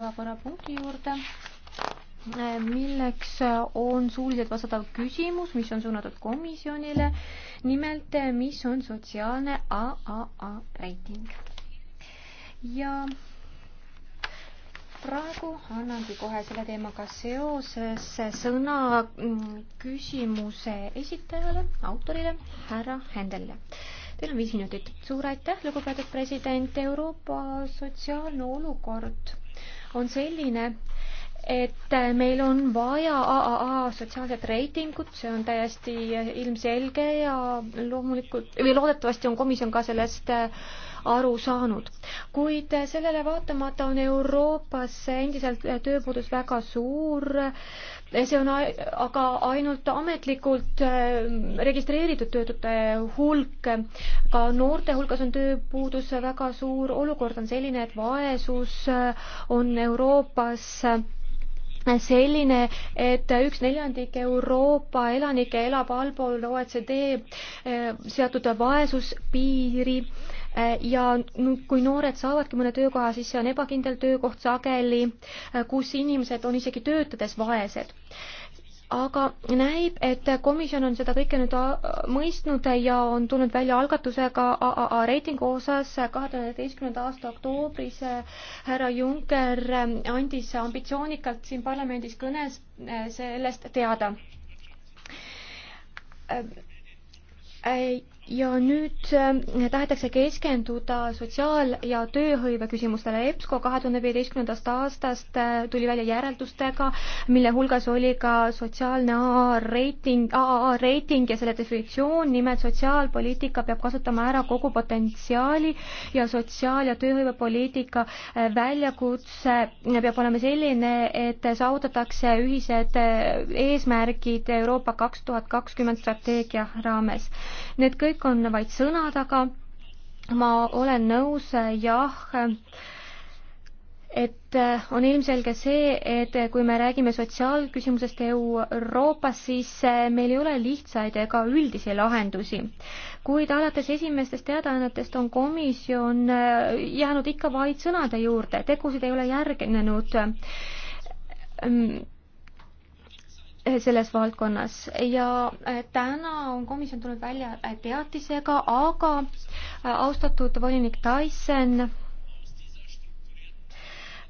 päevakorrapunkti juurde, eh, milleks eh, on suuliselt vastatav küsimus, mis on suunatud komisjonile. nimelt, eh, mis on sotsiaalne AAA reiting. ja praegu annangi kohe selle teemaga seoses sõna mm, küsimuse esitajale, autorile, härra Händelile Teil on viis minutit. suur aitäh, lugupeetud president. Euroopa sotsiaalne olukord on selline, et meil on vaja AAA sotsiaalset reitingut, see on täiesti ilmselge ja loomulikult või loodetavasti on komisjon ka sellest äh, aru saanud. kuid sellele vaatamata on Euroopas endiselt tööpuudus väga suur, see on aga ainult ametlikult äh, registreeritud töötute hulk, ka noorte hulgas on tööpuudus väga suur, olukord on selline, et vaesus äh, on Euroopas äh, selline, et üks neljandik Euroopa elanikke elab allpool OECD seatud vaesuspiiri Äh, ja kui noored saavadki mõne töökoha, siis see on ebakindel töökoht sageli, äh, kus inimesed on isegi töötades vaesed aga näib, et komisjon on seda kõike nüüd äh, mõistnud ja on tulnud välja algatusega AAA reitingu osas. kahe tuhande üheteistkümnenda aasta oktoobris härra Juncker andis ambitsioonikalt siin parlamendis kõnes sellest teada ja nüüd äh, tahetakse keskenduda sotsiaal- ja tööhõive küsimustele. EBSCO kahe tuhande viieteistkümnendast aastast äh, tuli välja järeldustega, mille hulgas oli ka sotsiaalne AA-reiting, AA-reiting ja selle definitsioon, nimelt sotsiaalpoliitika peab kasutama ära kogu potentsiaali ja sotsiaal- ja tööhõivepoliitika äh, väljakutse peab olema selline, et saavutatakse ühised eesmärgid Euroopa kaks tuhat kakskümmend strateegia raames. Need kõik kõik on vaid sõnad, aga ma olen nõus, jah, et on ilmselge see, et kui me räägime sotsiaalküsimusest Euroopas, siis meil ei ole lihtsaid ega üldisi lahendusi. kuid alates esimestest teadaannetest on komisjon jäänud ikka vaid sõnade juurde, tegusid ei ole järginenud selles valdkonnas ja äh, täna on komisjon tulnud välja äh, teatisega, aga äh, austatud volinik Tyson,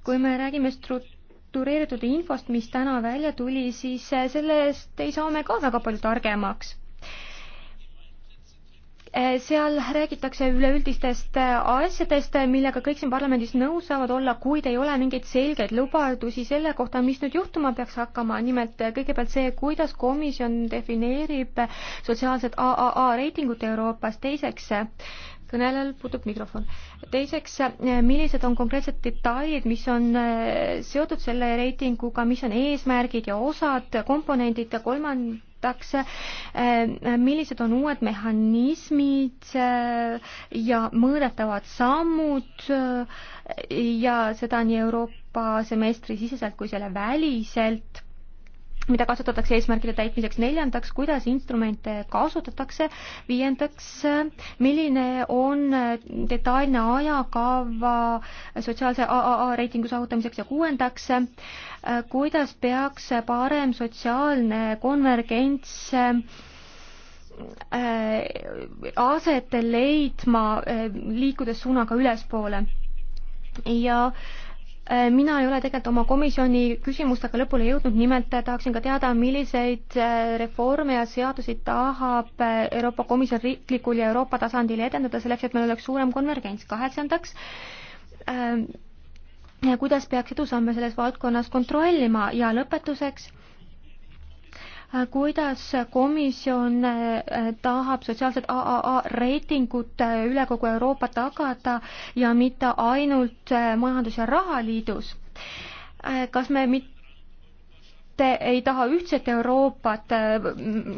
kui me räägime struktureeritud infost, mis täna välja tuli, siis sellest ei saa me ka väga palju targemaks Eh, seal räägitakse üleüldistest eh, asjadest, eh, millega kõik siin parlamendis nõus saavad olla, kuid ei ole mingeid selgeid lubadusi selle kohta, mis nüüd juhtuma peaks hakkama. nimelt kõigepealt see, kuidas komisjon defineerib sotsiaalset AAA reitingut Euroopas, teiseks kõnelejal puudub mikrofon. teiseks, eh, millised on konkreetsed detailid, mis on eh, seotud selle reitinguga, mis on eesmärgid ja osad, komponendid ja kolmandaks, eh, millised on uued mehhanismid ja mõõdetavad sammud ja seda nii Euroopa semestri siseselt kui selle väliselt mida kasutatakse eesmärkide täitmiseks, neljandaks, kuidas instrumente kasutatakse, viiendaks, milline on detailne ajakava sotsiaalse AAA reitingu saavutamiseks ja kuuendaks, kuidas peaks parem sotsiaalne konvergents äh, aset leidma, äh, liikudes suunaga ülespoole ja äh, Äh, mina ei ole tegelikult oma komisjoni küsimustega lõpule jõudnud, nimelt äh, tahaksin ka teada, milliseid äh, reforme ja seadusi tahab Euroopa Komisjon riiklikul ja Euroopa tasandil edendada selleks, et meil oleks suurem konvergents. kaheksandaks, ähm, kuidas peaks edusamme selles valdkonnas kontrollima ja lõpetuseks Äh, kuidas komisjon äh, tahab sotsiaalset AAA reitingut äh, üle kogu Euroopa tagada ja mitte ainult Majandus- ja Rahaliidus. kas me mitte ei taha ühtset Euroopat,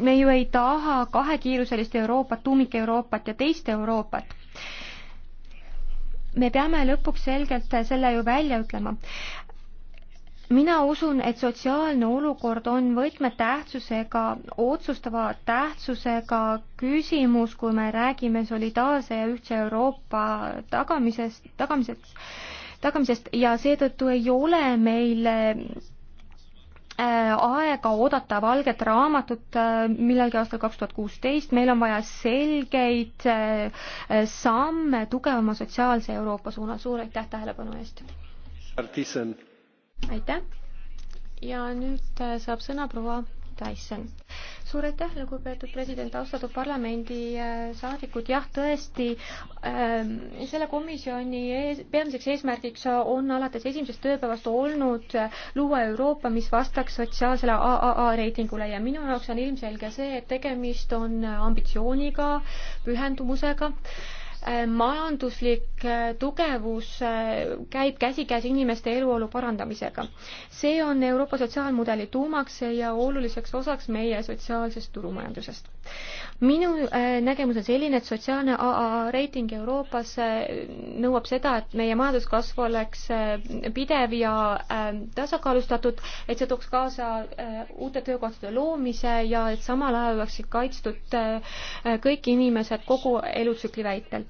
me ju ei taha kahekiiruselist Euroopat, tuumik-Euroopat ja teist Euroopat me peame lõpuks selgelt selle ju välja ütlema mina usun, et sotsiaalne olukord on võtmetähtsusega, otsustava tähtsusega küsimus, kui me räägime solidaarse ja ühtse Euroopa tagamisest, tagamiseks, tagamisest ja seetõttu ei ole meil äh, aega oodata valget raamatut äh, millalgi aastal kaks tuhat kuusteist, meil on vaja selgeid äh, samme tugevama sotsiaalse Euroopa suunal, suur aitäh tähelepanu eest! aitäh ja nüüd äh, saab sõna proua Tyson. suur aitäh, lugupeetud president, austatud parlamendi äh, saadikud, jah, tõesti, ähm, selle komisjoni ees, peamiseks eesmärgiks on alates esimesest tööpäevast olnud äh, luua Euroopa, mis vastaks sotsiaalsele AAA reitingule ja minu jaoks on ilmselge see, et tegemist on ambitsiooniga, pühendumusega Äh, majanduslik äh, tugevus äh, käib käsikäes inimeste eluolu parandamisega. see on Euroopa sotsiaalmudeli tuumaks ja oluliseks osaks meie sotsiaalsest turumajandusest. minu nägemus on selline, et sotsiaalne AA reiting Euroopas nõuab seda, et meie majanduskasv oleks pidev ja tasakaalustatud, et see tooks kaasa uute töökohtade loomise ja et samal ajal oleksid kaitstud kõik inimesed kogu elutsükli vältel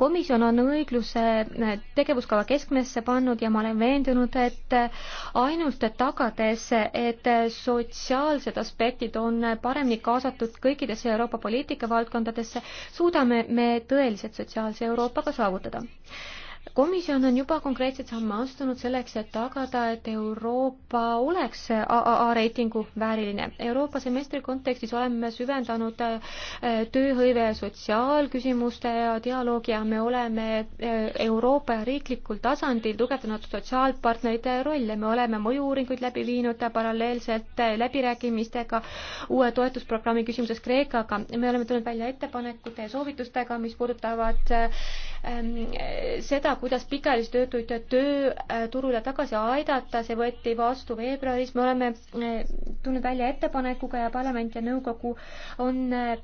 komisjon on õigluse eh, tegevuskava keskmesse pannud ja ma olen veendunud, et ainult tagades, et sotsiaalsed aspektid on paremini kaasatud kõikidesse Euroopa poliitikavaldkondadesse, suudame me tõeliselt sotsiaalse Euroopaga saavutada komisjon on juba konkreetseid samme astunud selleks, et tagada, et Euroopa oleks AAA reitingu vääriline. Euroopa semestri kontekstis oleme süvendanud äh, tööhõive ja sotsiaalküsimuste dialoogi ja me oleme äh, Euroopa ja riiklikul tasandil tugevdanud sotsiaalpartnerite rolle. me oleme mõju-uuringuid läbi viinud paralleelselt äh, läbirääkimistega uue toetusprogrammi küsimuses Kreekaga. me oleme tulnud välja ettepanekute ja soovitustega, mis puudutavad ähm, seda, seda, kuidas pikaajalisi töötuid tööturule tagasi aidata, see võeti vastu veebruaris, me oleme eh, tulnud välja ettepanekuga ja parlament ja nõukogu on eh,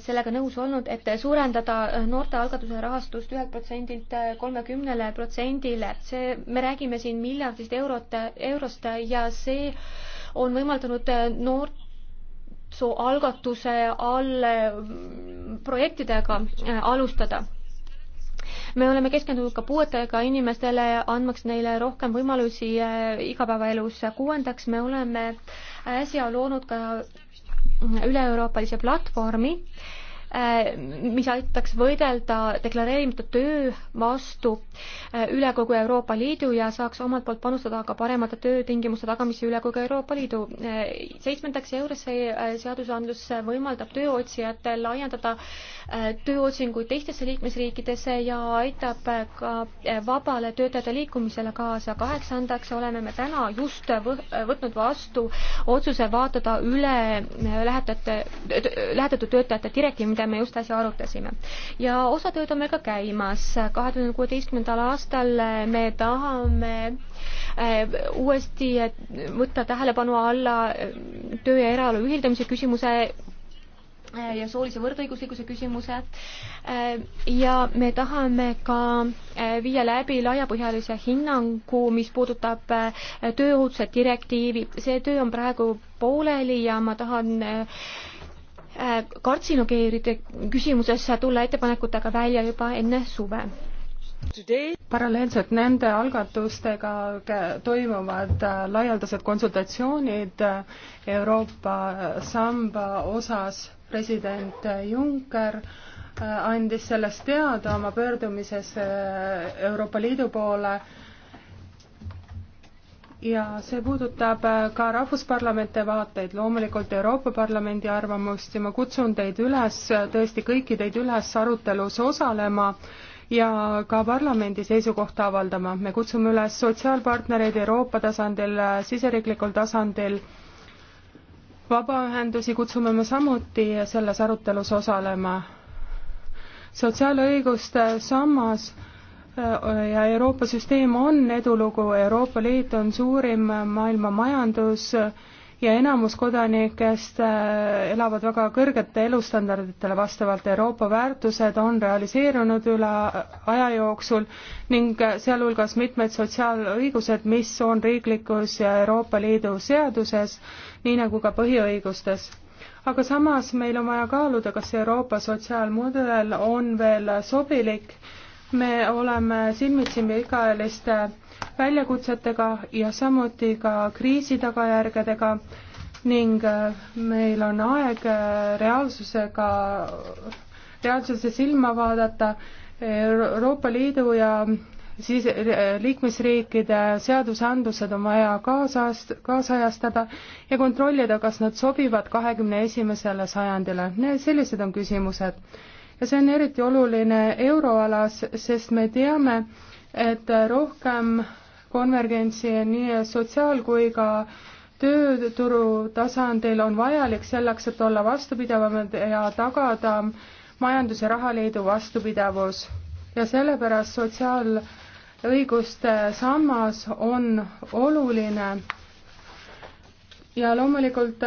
sellega nõus olnud, et suurendada noortealgatuse rahastust ühelt protsendilt eh, kolmekümnele protsendile. see, me räägime siin miljardist eurot, eurost ja see on võimaldanud noort algatuse all mm, projektidega alustada me oleme keskendunud ka puuetega inimestele, andmaks neile rohkem võimalusi eh, igapäevaelus. kuuendaks, me oleme äsja loonud ka üle-euroopalise platvormi Äh, mis aitaks võidelda deklareerimata töö vastu äh, üle kogu Euroopa Liidu ja saaks omalt poolt panustada ka paremate töötingimuste tagamisse üle kogu Euroopa Liidu. Äh, seitsmendaks, Eurose seadusandlus võimaldab tööotsijatel laiendada tööotsinguid teistesse liikmesriikidesse ja aitab ka vabale töötajate liikumisele kaasa. kaheksandaks oleme me täna just võtnud vastu otsuse vaatada üle lähetajate, lähetatud töötajate direktiiv, mida me just äsja arutasime. ja osatööd on meil ka käimas. kahe tuhande kuueteistkümnendal aastal me tahame äh, uuesti võtta tähelepanu alla äh, töö ja eraelu ühildamise küsimuse äh, ja soolise võrdõiguslikkuse küsimuse ja me tahame ka viia läbi laiapõhjalise hinnangu, mis puudutab tööohutuse direktiivi. see töö on praegu pooleli ja ma tahan Äh, kartsinogeeride küsimuses tulla ettepanekutega välja juba enne suve. paralleelselt nende algatustega toimuvad äh, laialdased konsultatsioonid äh, Euroopa samba osas. president Juncker andis sellest teada oma pöördumises Euroopa Liidu poole ja see puudutab äh, ka rahvusparlamente vaateid, loomulikult Euroopa Parlamendi arvamust ja ma kutsun teid üles, tõesti kõiki teid üles arutelus osalema ja ka parlamendi seisukohta avaldama. me kutsume üles sotsiaalpartnereid Euroopa tasandil, äh, siseriiklikul tasandil, vabaühendusi kutsume me samuti selles arutelus osalema. sotsiaalõiguste sammas ja Euroopa süsteem on edulugu, Euroopa Liit on suurim maailma majandus ja enamus kodanikest äh, elavad väga kõrgete elustandarditele vastavalt, Euroopa väärtused on realiseerunud üle aja jooksul ning sealhulgas mitmed sotsiaalõigused, mis on riiklikus ja Euroopa Liidu seaduses, nii nagu ka põhiõigustes aga samas meil on vaja kaaluda, kas Euroopa sotsiaalmudel on veel sobilik me oleme silmitsi pikaajaliste väljakutsetega ja samuti ka kriisi tagajärgedega ning äh, meil on aeg äh, reaalsusega, reaalsuse silma vaadata Euroopa Liidu ja siis äh, liikmesriikide seadusandlused on vaja kaasast-, kaasajastada ja kontrollida, kas nad sobivad kahekümne esimesele sajandile. sellised on küsimused ja see on eriti oluline euroalas, sest me teame, et rohkem konvergentsi nii sotsiaal- kui ka tööturu tasandil on vajalik selleks, et olla vastupidavamad ja tagada majandus- ja rahaliidu vastupidavus. ja sellepärast sotsiaalõiguste sammas on oluline ja loomulikult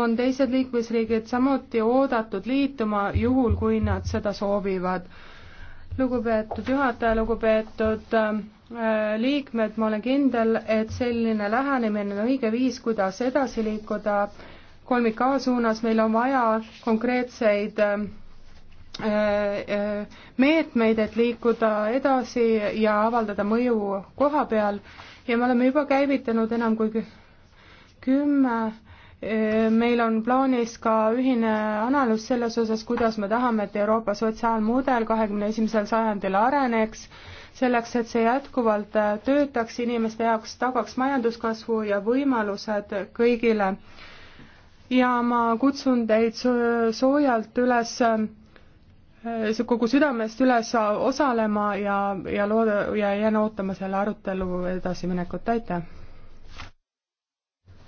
on teised liikmesriigid samuti oodatud liituma, juhul kui nad seda soovivad. lugupeetud juhataja, lugupeetud ähm, äh, liikmed, ma olen kindel, et selline lähenemine on õige viis, kuidas edasi liikuda kolmika suunas, meil on vaja konkreetseid ähm, äh, äh, meetmeid, et liikuda edasi ja avaldada mõju koha peal ja me oleme juba käivitanud enam kui kümme meil on plaanis ka ühine analüüs selles osas, kuidas me tahame, et Euroopa sotsiaalmudel kahekümne esimesel sajandil areneks, selleks, et see jätkuvalt töötaks inimeste jaoks, tagaks majanduskasvu ja võimalused kõigile. ja ma kutsun teid soojalt üles eh, kogu südamest üles osalema ja, ja looda ja jään ootama selle arutelu edasiminekut, aitäh!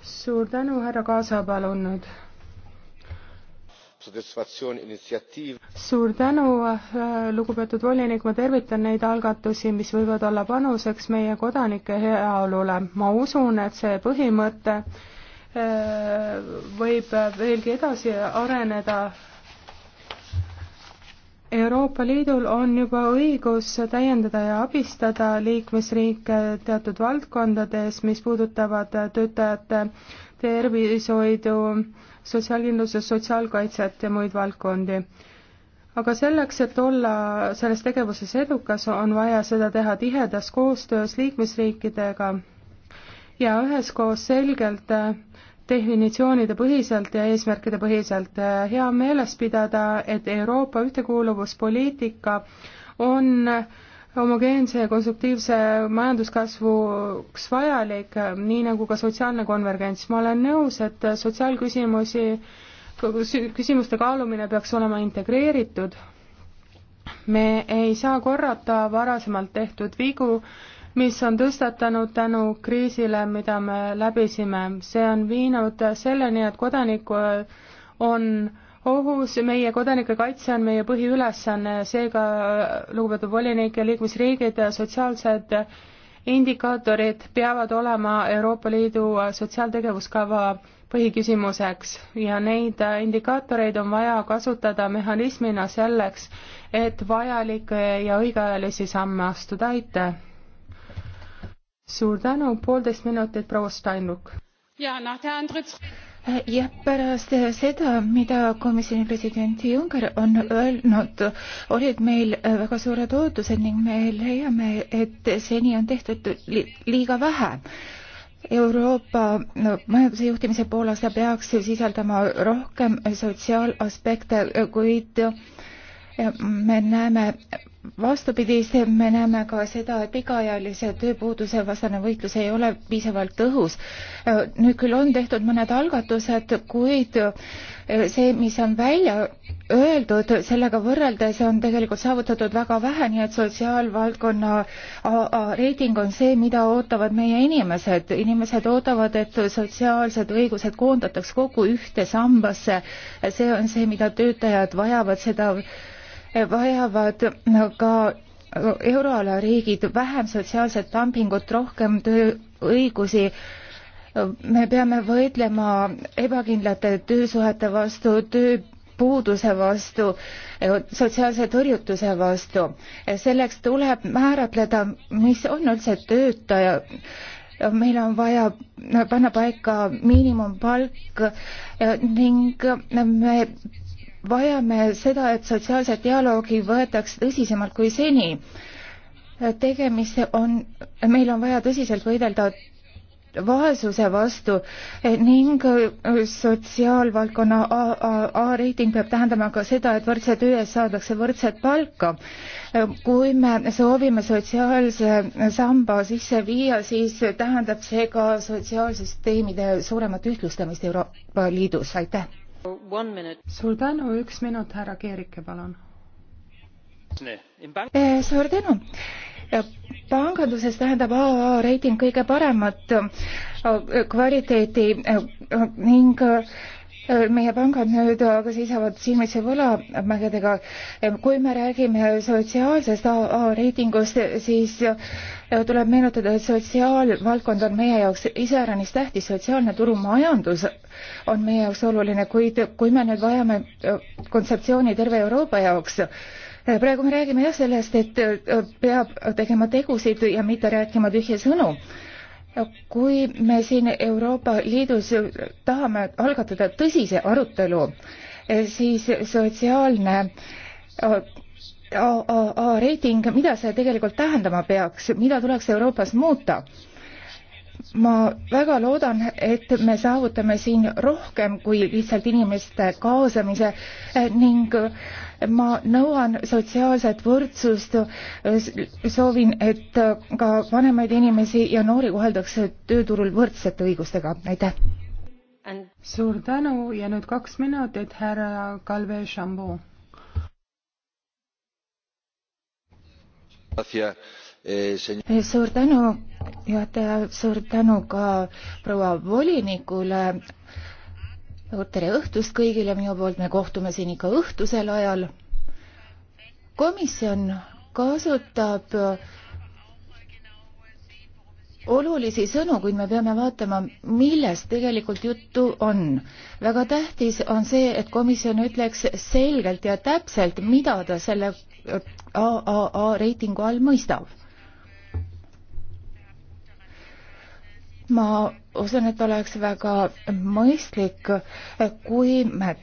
suur tänu, härra Kaasa, palun nüüd. suur tänu, äh, lugupeetud volinik, ma tervitan neid algatusi, mis võivad olla panuseks meie kodanike heaolule. ma usun, et see põhimõte äh, võib äh, veelgi edasi areneda Euroopa Liidul on juba õigus täiendada ja abistada liikmesriike teatud valdkondades, mis puudutavad töötajate tervishoidu, sotsiaalkindlustust, sotsiaalkaitset ja muid valdkondi. aga selleks, et olla selles tegevuses edukas, on vaja seda teha tihedas koostöös liikmesriikidega ja üheskoos selgelt definitsioonide põhiselt ja eesmärkide põhiselt. Äh, hea meeles pidada, et Euroopa ühtekuuluvuspoliitika on homogeense ja konstruktiivse majanduskasvuks vajalik, nii nagu ka sotsiaalne konvergents. ma olen nõus, et sotsiaalküsimusi, küsimuste kaalumine peaks olema integreeritud. me ei saa korrata varasemalt tehtud vigu mis on tõstatanud tänu kriisile, mida me läbisime. see on viinud selleni, et kodaniku on ohus, meie kodanike kaitse on meie põhiülesanne ja seega, lugupeetud volinik ja liikmesriigid, sotsiaalsed indikaatorid peavad olema Euroopa Liidu sotsiaaltegevuskava põhiküsimuseks ja neid indikaatoreid on vaja kasutada mehhanismina selleks, et vajalikke ja õigeajalisi samme astuda, aitäh! suur tänu, poolteist minutit, proua Steinruck. jah, pärast seda, mida komisjoni president Juncker on öelnud, olid meil äh, väga suured ootused ning me leiame, et seni on tehtud li liiga vähe Euroopa no, majanduse juhtimise poolas ta peaks sisaldama rohkem sotsiaalaspekte, kuid äh, me näeme vastupidist me näeme ka seda, et pikaajalise tööpuuduse vastane võitlus ei ole piisavalt tõhus. nüüd küll on tehtud mõned algatused, kuid see, mis on välja öeldud, sellega võrreldes on tegelikult saavutatud väga vähe, nii et sotsiaalvaldkonna reiting on see, mida ootavad meie inimesed. inimesed ootavad, et sotsiaalsed õigused koondataks kokku ühte sambasse. see on see, mida töötajad vajavad, seda vajavad ka euroala riigid vähem sotsiaalset dumpingut, rohkem tööõigusi. me peame võitlema ebakindlate töösuhete vastu, töö puuduse vastu, sotsiaalse tõrjutuse vastu. selleks tuleb määratleda, mis on üldse töötaja. meil on vaja panna paika miinimumpalk ning me vajame seda, et sotsiaalset dialoogi võetaks tõsisemalt kui seni. tegemist on, meil on vaja tõsiselt võidelda vaesuse vastu ning sotsiaalvaldkonna A-reiting peab tähendama ka seda, et võrdse töö eest saadakse võrdset palka. kui me soovime sotsiaalse samba sisse viia, siis tähendab see ka sotsiaalsüsteemide suuremat ühtlustamist Euroopa Liidus, aitäh! suur tänu, üks minut, härra Keerike, palun. Eh, suur tänu panganduses tähendab AA reiting kõige paremat eh, kvaliteeti eh, ning meie pangad nüüd aga seisavad silmitsi võlamägedega. kui me räägime sotsiaalsest reitingust, siis tuleb meenutada, et sotsiaalvaldkond on meie jaoks iseäranis tähtis, sotsiaalne turumajandus on meie jaoks oluline, kuid kui me nüüd vajame kontseptsiooni terve Euroopa jaoks, praegu me räägime jah sellest, et peab tegema tegusid ja mitte rääkima tühje sõnu kui me siin Euroopa Liidus tahame algatada tõsise arutelu, eh, siis sotsiaalne AAA eh, reiting, mida see tegelikult tähendama peaks, mida tuleks Euroopas muuta? ma väga loodan, et me saavutame siin rohkem kui lihtsalt inimeste kaasamise ning ma nõuan sotsiaalset võrdsust, soovin, et ka vanemaid inimesi ja noori koheldakse tööturul võrdsete õigustega, aitäh! suur tänu ja nüüd kaks minutit, härra Kalve Šambu. Eh, eh, suur tänu, juhataja, suur tänu ka proua volinikule. tere õhtust kõigile minu poolt, me kohtume siin ikka õhtusel ajal. komisjon kasutab olulisi sõnu, kuid me peame vaatama, millest tegelikult juttu on. väga tähtis on see, et komisjon ütleks selgelt ja täpselt, mida ta selle AAA reitingu all mõistab. ma usun, et oleks väga mõistlik, kui me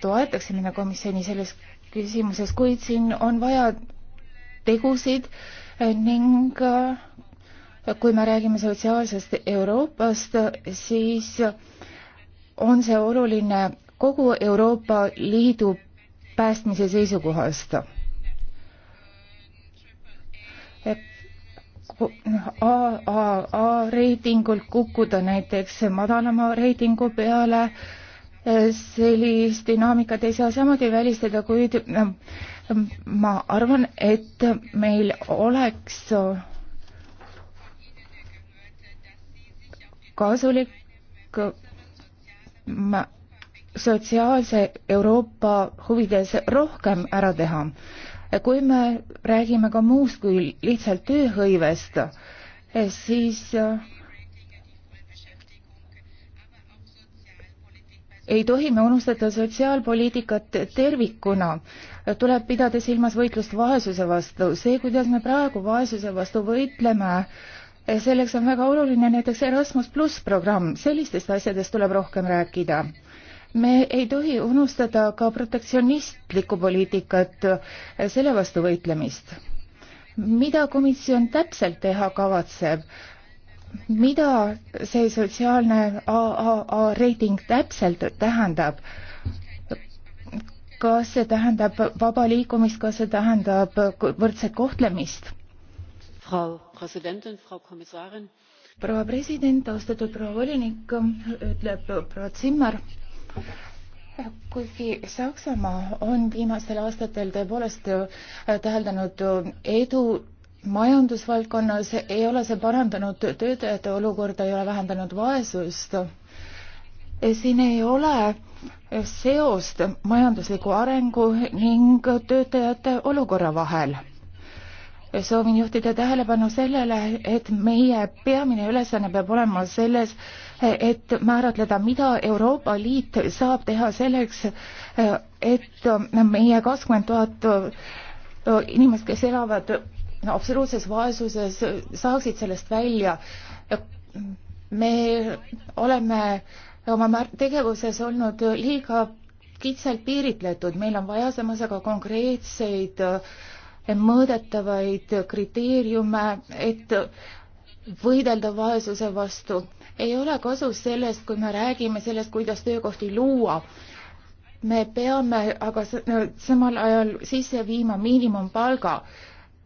toetaksime komisjoni selles küsimuses, kuid siin on vaja tegusid ning äh, kui me räägime sotsiaalsest Euroopast, siis on see oluline kogu Euroopa Liidu päästmise seisukohast AAA reitingult kukkuda näiteks madalama reitingu peale, sellist dünaamikat ei saa samuti välistada, kuid ähm, ma arvan, et meil oleks kasulik sotsiaalse Euroopa huvides rohkem ära teha kui me räägime ka muust kui lihtsalt tööhõivest, siis eh, ei tohi me unustada sotsiaalpoliitikat tervikuna. tuleb pidada silmas võitlust vaesuse vastu. see, kuidas me praegu vaesuse vastu võitleme, eh, selleks on väga oluline näiteks Erasmus pluss programm, sellistest asjadest tuleb rohkem rääkida me ei tohi unustada ka protektsionistlikku poliitikat, selle vastu võitlemist. mida komisjon täpselt teha kavatseb? mida see sotsiaalne AAA reiting täpselt tähendab? kas see tähendab vaba liikumist, kas see tähendab võrdset kohtlemist? proua president, austatud proua volinik, ütleb proua Zimmer kuigi Saksamaa on viimastel aastatel tõepoolest äh, täheldanud äh, edu majandusvaldkonnas, ei ole see parandanud töötajate olukorda, ei ole vähendanud vaesust. Äh, siin ei ole seost majandusliku arengu ning töötajate olukorra vahel soovin juhtida tähelepanu sellele, et meie peamine ülesanne peab olema selles, et määratleda, mida Euroopa Liit saab teha selleks, et meie kakskümmend tuhat inimest, kes elavad absoluutses vaesuses, saaksid sellest välja. me oleme oma tegevuses olnud liiga kitsalt piiritletud, meil on vaja samas aga konkreetseid mõõdetavaid kriteeriume, et võidelda vaesuse vastu. ei ole kasu sellest, kui me räägime sellest, kuidas töökohti luua. me peame aga samal ajal sisse viima miinimumpalga,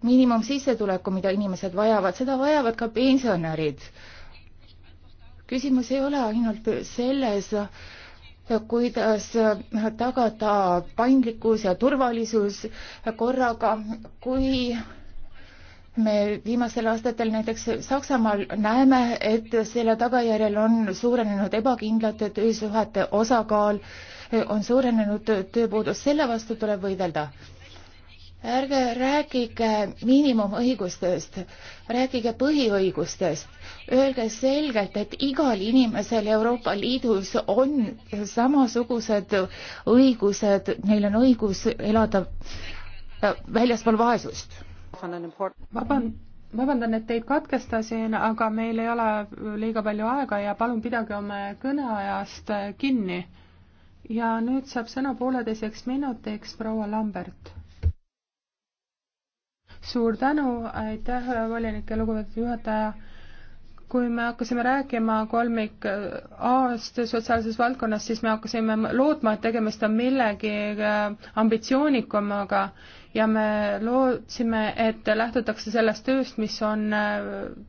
miinimumsissetuleku, mida inimesed vajavad, seda vajavad ka pensionärid. küsimus ei ole ainult selles, kuidas tagada paindlikkus ja turvalisus korraga, kui me viimastel aastatel näiteks Saksamaal näeme, et selle tagajärjel on suurenenud ebakindlate töösuhete osakaal, on suurenenud tööpuudus, selle vastu tuleb võidelda. ärge rääkige miinimumõigustest, rääkige põhiõigustest. Öelge selgelt, et igal inimesel Euroopa Liidus on samasugused õigused, neil on õigus elada väljaspool vaesust vaban-, vabandan, et teid katkestasin, aga meil ei ole liiga palju aega ja palun pidage oma kõneajast kinni. ja nüüd saab sõna pooleteiseks minutiks proua Lambert. suur tänu, aitäh, volinik ja lugupeetud juhataja kui me hakkasime rääkima kolmik A-st sotsiaalses valdkonnas, siis me hakkasime lootma, et tegemist on millegi ambitsioonikumaga ja me lootsime, et lähtutakse sellest tööst, mis on äh,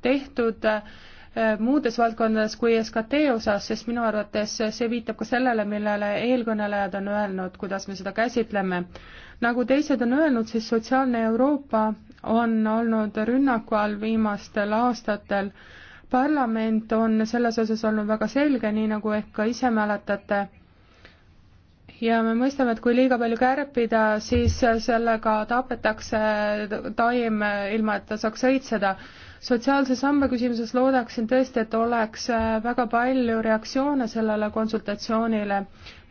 tehtud äh, muudes valdkondades kui SKT osas, sest minu arvates see viitab ka sellele, millele eelkõnelejad on öelnud, kuidas me seda käsitleme. nagu teised on öelnud, siis sotsiaalne Euroopa on olnud rünnaku all viimastel aastatel. parlament on selles osas olnud väga selge, nii nagu ehk ka ise mäletate ja me mõistame, et kui liiga palju kärpida, siis sellega tapetakse taim, ilma et ta saaks õitseda. sotsiaalse samba küsimuses loodaksin tõesti, et oleks väga palju reaktsioone sellele konsultatsioonile,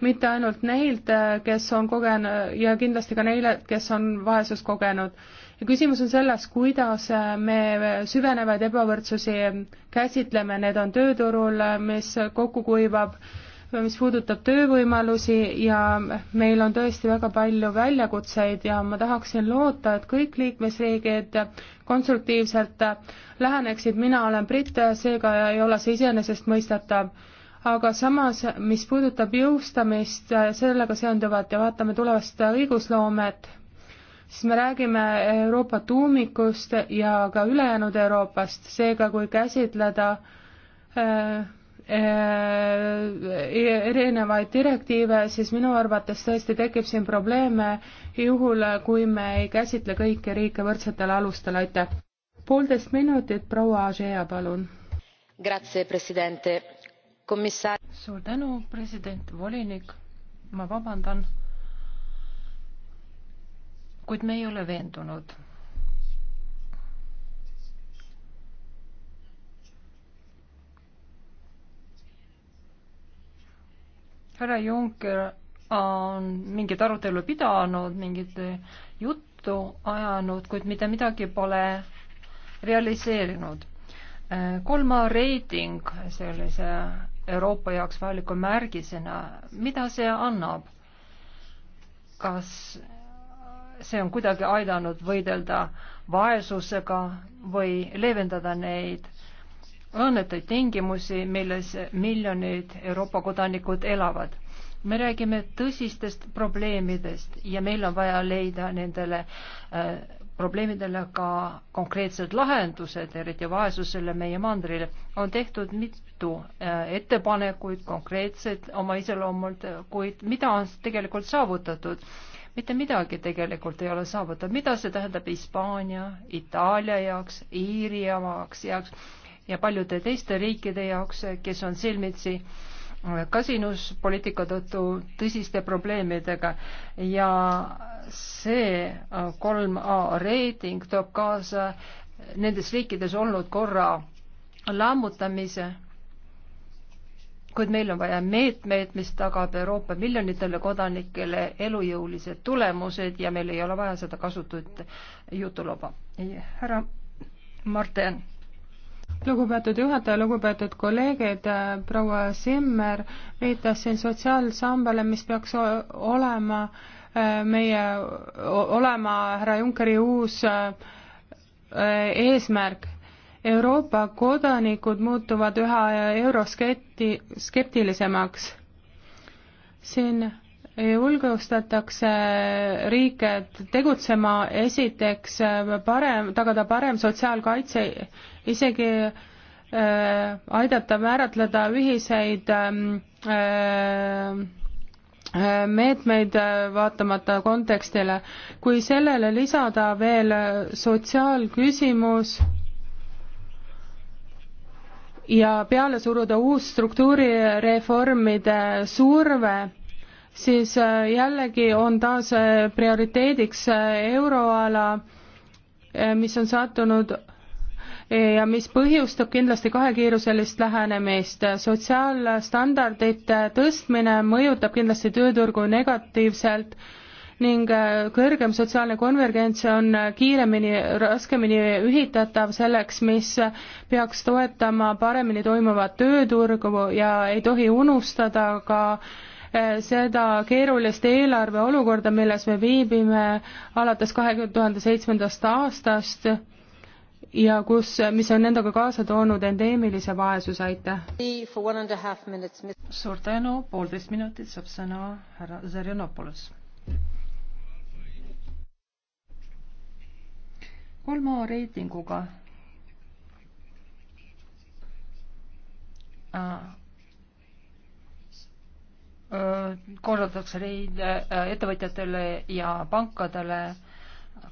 mitte ainult neilt, kes on kogenud ja kindlasti ka neile, kes on vaesust kogenud. ja küsimus on selles, kuidas me süvenevaid ebavõrdsusi käsitleme, need on tööturul, mis kokku kuivab mis puudutab töövõimalusi ja meil on tõesti väga palju väljakutseid ja ma tahaksin loota, et kõik liikmesriigid konstruktiivselt läheneksid, mina olen britt, seega ei ole see iseenesestmõistetav. aga samas, mis puudutab jõustamist, sellega seonduvat ja vaatame tulevast õigusloomet, siis me räägime Euroopa tuumikust ja ka ülejäänud Euroopast, seega kui käsitleda äh, Äh, e, erinevaid direktiive, siis minu arvates tõesti tekib siin probleeme juhul, kui me ei käsitle kõiki riike võrdsetel alustel, aitäh. poolteist minutit, proua Ažea, palun. Komissar... suur tänu, president, volinik, ma vabandan, kuid me ei ole veendunud härra Juncker on mingit arutelu pidanud, mingit juttu ajanud, kuid mitte midagi pole realiseerinud. kolma reiting sellise Euroopa jaoks vajaliku märgisena, mida see annab? kas see on kuidagi aidanud võidelda vaesusega või leevendada neid õnnetuid tingimusi, milles miljonid Euroopa kodanikud elavad. me räägime tõsistest probleemidest ja meil on vaja leida nendele äh, probleemidele ka konkreetsed lahendused, eriti vaesusele meie mandril. on tehtud mitu äh, ettepanekuid, konkreetseid oma iseloomult, kuid mida on tegelikult saavutatud? mitte midagi tegelikult ei ole saavutatud, mida see tähendab Hispaania, Itaalia jaoks, Iiri jaoks, jaoks ja paljude teiste riikide jaoks, kes on silmitsi äh, kasinuspoliitika tõttu tõsiste probleemidega ja see 3A äh, reiting toob kaasa nendes riikides olnud korra lammutamise, kuid meil on vaja meetmeid, mis tagab Euroopa miljonitele kodanikele elujõulised tulemused ja meil ei ole vaja seda kasutut jutuloba. härra Marten lugupeetud juhataja, lugupeetud kolleegid, äh, proua Simmer viitas siin sotsiaalsambale, mis peaks olema äh, meie, olema härra Junckeri uus äh, eesmärk. Euroopa kodanikud muutuvad üha euroskepti-, skeptilisemaks. siin julgustatakse riike tegutsema esiteks parem, tagada parem sotsiaalkaitse, isegi äh, aidata määratleda ühiseid ähm, äh, meetmeid äh, vaatamata kontekstile. kui sellele lisada veel sotsiaalküsimus ja peale suruda uus struktuurireformide surve, siis äh, jällegi on taas äh, prioriteediks äh, euroala, mis on sattunud ja mis põhjustab kindlasti kahekiiruselist lähenemist. sotsiaalstandardite tõstmine mõjutab kindlasti tööturgu negatiivselt ning kõrgem sotsiaalne konvergents on kiiremini, raskemini ühitatav selleks, mis peaks toetama paremini toimuvat tööturgu ja ei tohi unustada ka äh, Äh, seda keerulist eelarve olukorda, milles me viibime alates kahekümne tuhande seitsmendast aastast ja kus, mis on endaga kaasa toonud endeemilise vaesuse, aitäh. suur tänu, poolteist minutit saab sõna härra Zerjanopoulos. kolme reitinguga äh, korraldatakse neid ettevõtjatele ja pankadele.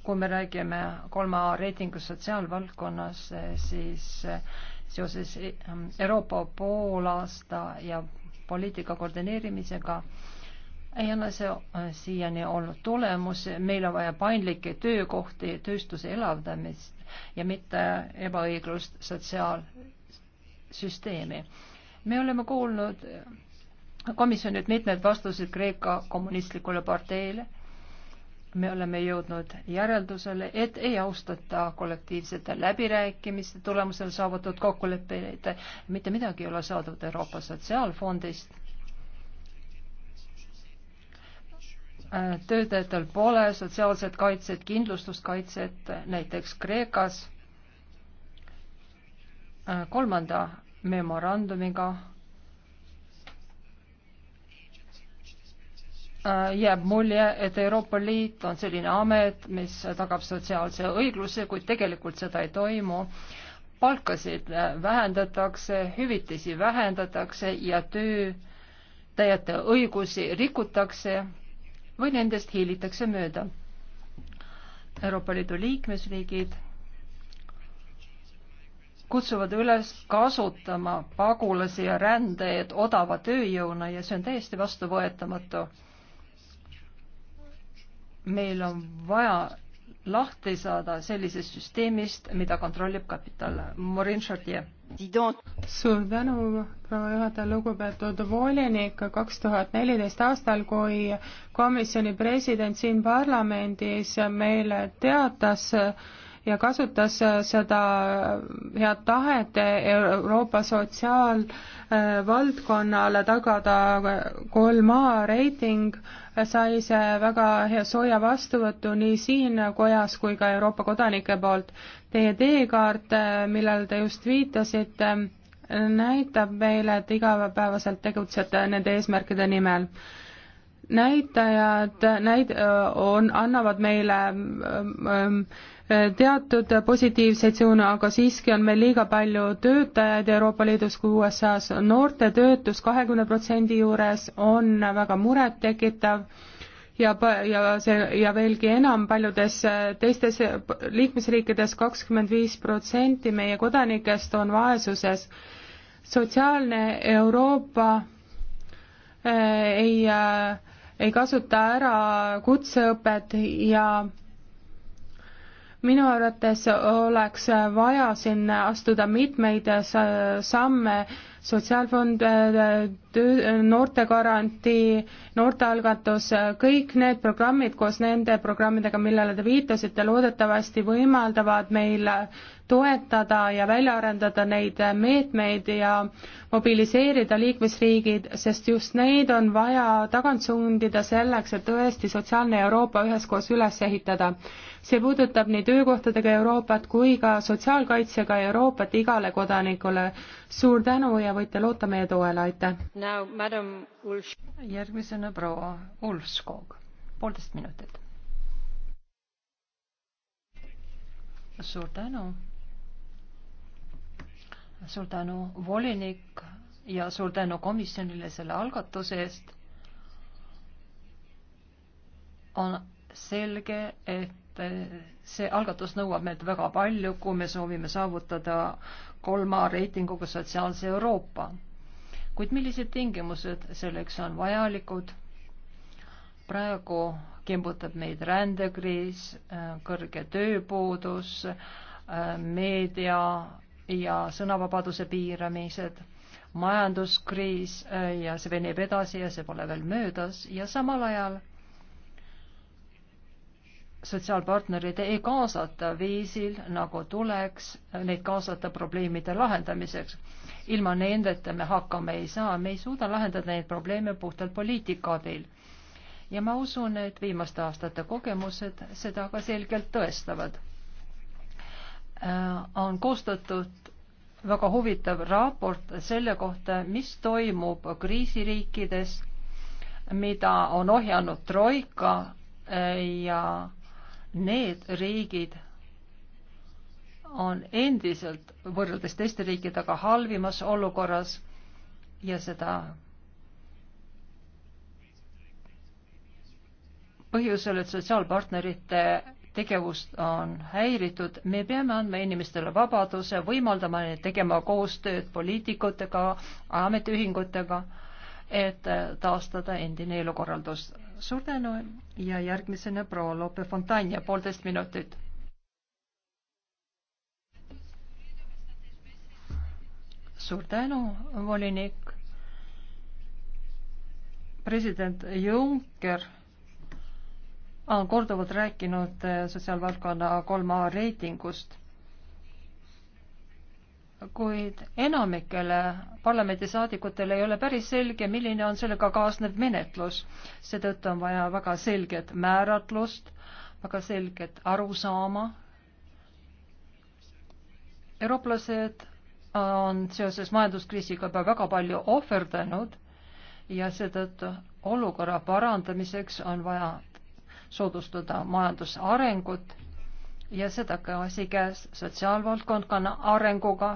kui me räägime kolme A reitingust sotsiaalvaldkonnas, siis seoses e, Euroopa poolaasta ja poliitika koordineerimisega ei anna see siiani olnud tulemus, meil on vaja paindlikke töökohti, tööstuse elavdamist ja mitte ebaõiglust sotsiaalsüsteemi. me oleme kuulnud komisjonilt mitmed vastused Kreeka kommunistlikule parteile. me oleme jõudnud järeldusele, et ei austata kollektiivsete läbirääkimiste tulemusel saavutatud kokkuleppeid, mitte midagi ei ole saadud Euroopa Sotsiaalfondist. töötajatel pole sotsiaalset kaitset, kindlustuskaitset, näiteks Kreekas kolmanda memorandumiga Äh, jääb mulje, et Euroopa Liit on selline amet, mis tagab sotsiaalse õigluse, kuid tegelikult seda ei toimu. palkasid äh, vähendatakse, hüvitisi vähendatakse ja töötajate õigusi rikutakse või nendest hiilitakse mööda. Euroopa Liidu liikmesriigid kutsuvad üles kasutama pagulasi ja rändajaid odava tööjõuna ja see on täiesti vastuvõetamatu meil on vaja lahti saada sellisest süsteemist, mida kontrollib kapital. Maureen Chartier. suur tänu, proua juhataja, lugupeetud volinik, kaks tuhat neliteist aastal, kui komisjoni president siin parlamendis meile teatas ja kasutas seda head tahet Euroopa sotsiaalvaldkonnale tagada kolm A reiting, sai see väga hea sooja vastuvõtu nii siin kojas kui ka Euroopa kodanike poolt. Teie teekaart, äh, millele te just viitasite, näitab meile, et igapäevaselt tegutsete nende eesmärkide nimel. näitajad näid-, on, annavad meile öö, ähm, öö, ähm, teatud positiivseid suune, aga siiski on meil liiga palju töötajaid Euroopa Liidus kui USA-s. noorte töötus kahekümne protsendi juures on väga murettekitav ja, ja see ja veelgi enam paljudes teistes liikmesriikides kakskümmend viis protsenti meie kodanikest on vaesuses. sotsiaalne Euroopa äh, ei äh,, ei kasuta ära kutseõpet ja äh, minu arvates oleks vaja siin astuda mitmeid samme, sotsiaalfond, äh, noortegarantii, noortealgatus, kõik need programmid koos nende programmidega, millele te viitasite, loodetavasti võimaldavad meil toetada ja välja arendada neid meetmeid ja mobiliseerida liikmesriigid, sest just neid on vaja tagant sundida selleks, et tõesti sotsiaalne Euroopa üheskoos üles ehitada. see puudutab nii töökohtadega Euroopat kui ka sotsiaalkaitsega Euroopat igale kodanikule. suur tänu ja võite loota meie toele, aitäh! järgmisena proua Ulfskog, poolteist minutit. suur tänu suur tänu, volinik ja suur tänu komisjonile selle algatuse eest. on selge, et eh, see algatus nõuab meilt väga palju, kui me soovime saavutada kolma reitinguga sotsiaalse Euroopa. kuid millised tingimused selleks on vajalikud? praegu kimbutab meid rändekriis, eh, kõrge tööpuudus, eh, meedia ja sõnavabaduse piiramised, majanduskriis äh, ja see venib edasi ja see pole veel möödas ja samal ajal sotsiaalpartnerid ei kaasata viisil, nagu tuleks äh, neid kaasata probleemide lahendamiseks. ilma nendeta me hakkama ei saa, me ei suuda lahendada neid probleeme puhtalt poliitika abil. ja ma usun, et viimaste aastate kogemused seda ka selgelt tõestavad Äh, on koostatud väga huvitav raport selle kohta, mis toimub kriisiriikides, mida on ohjanud Troika äh, ja need riigid on endiselt võrreldes teiste riikidega halvimas olukorras ja seda põhjusel, et sotsiaalpartnerite tegevust on häiritud, me peame andma inimestele vabaduse, võimaldama neil tegema koostööd poliitikutega, ametiühingutega, et äh, taastada endine elukorraldus. suur tänu ja järgmisena proua Lope Fontanja, poolteist minutit. suur tänu, volinik. president Juncker on korduvalt rääkinud äh, sotsiaalvaldkonna 3A reitingust, kuid enamikele parlamendisaadikutele ei ole päris selge, milline on sellega kaasnev menetlus. seetõttu on vaja väga selget määratlust, väga selget arusaama. eurooplased on seoses majanduskriisiga juba väga palju ohverdanud ja seetõttu olukorra parandamiseks on vaja soodustada majandusarengut ja seda käsikäes sotsiaalvaldkonna arenguga,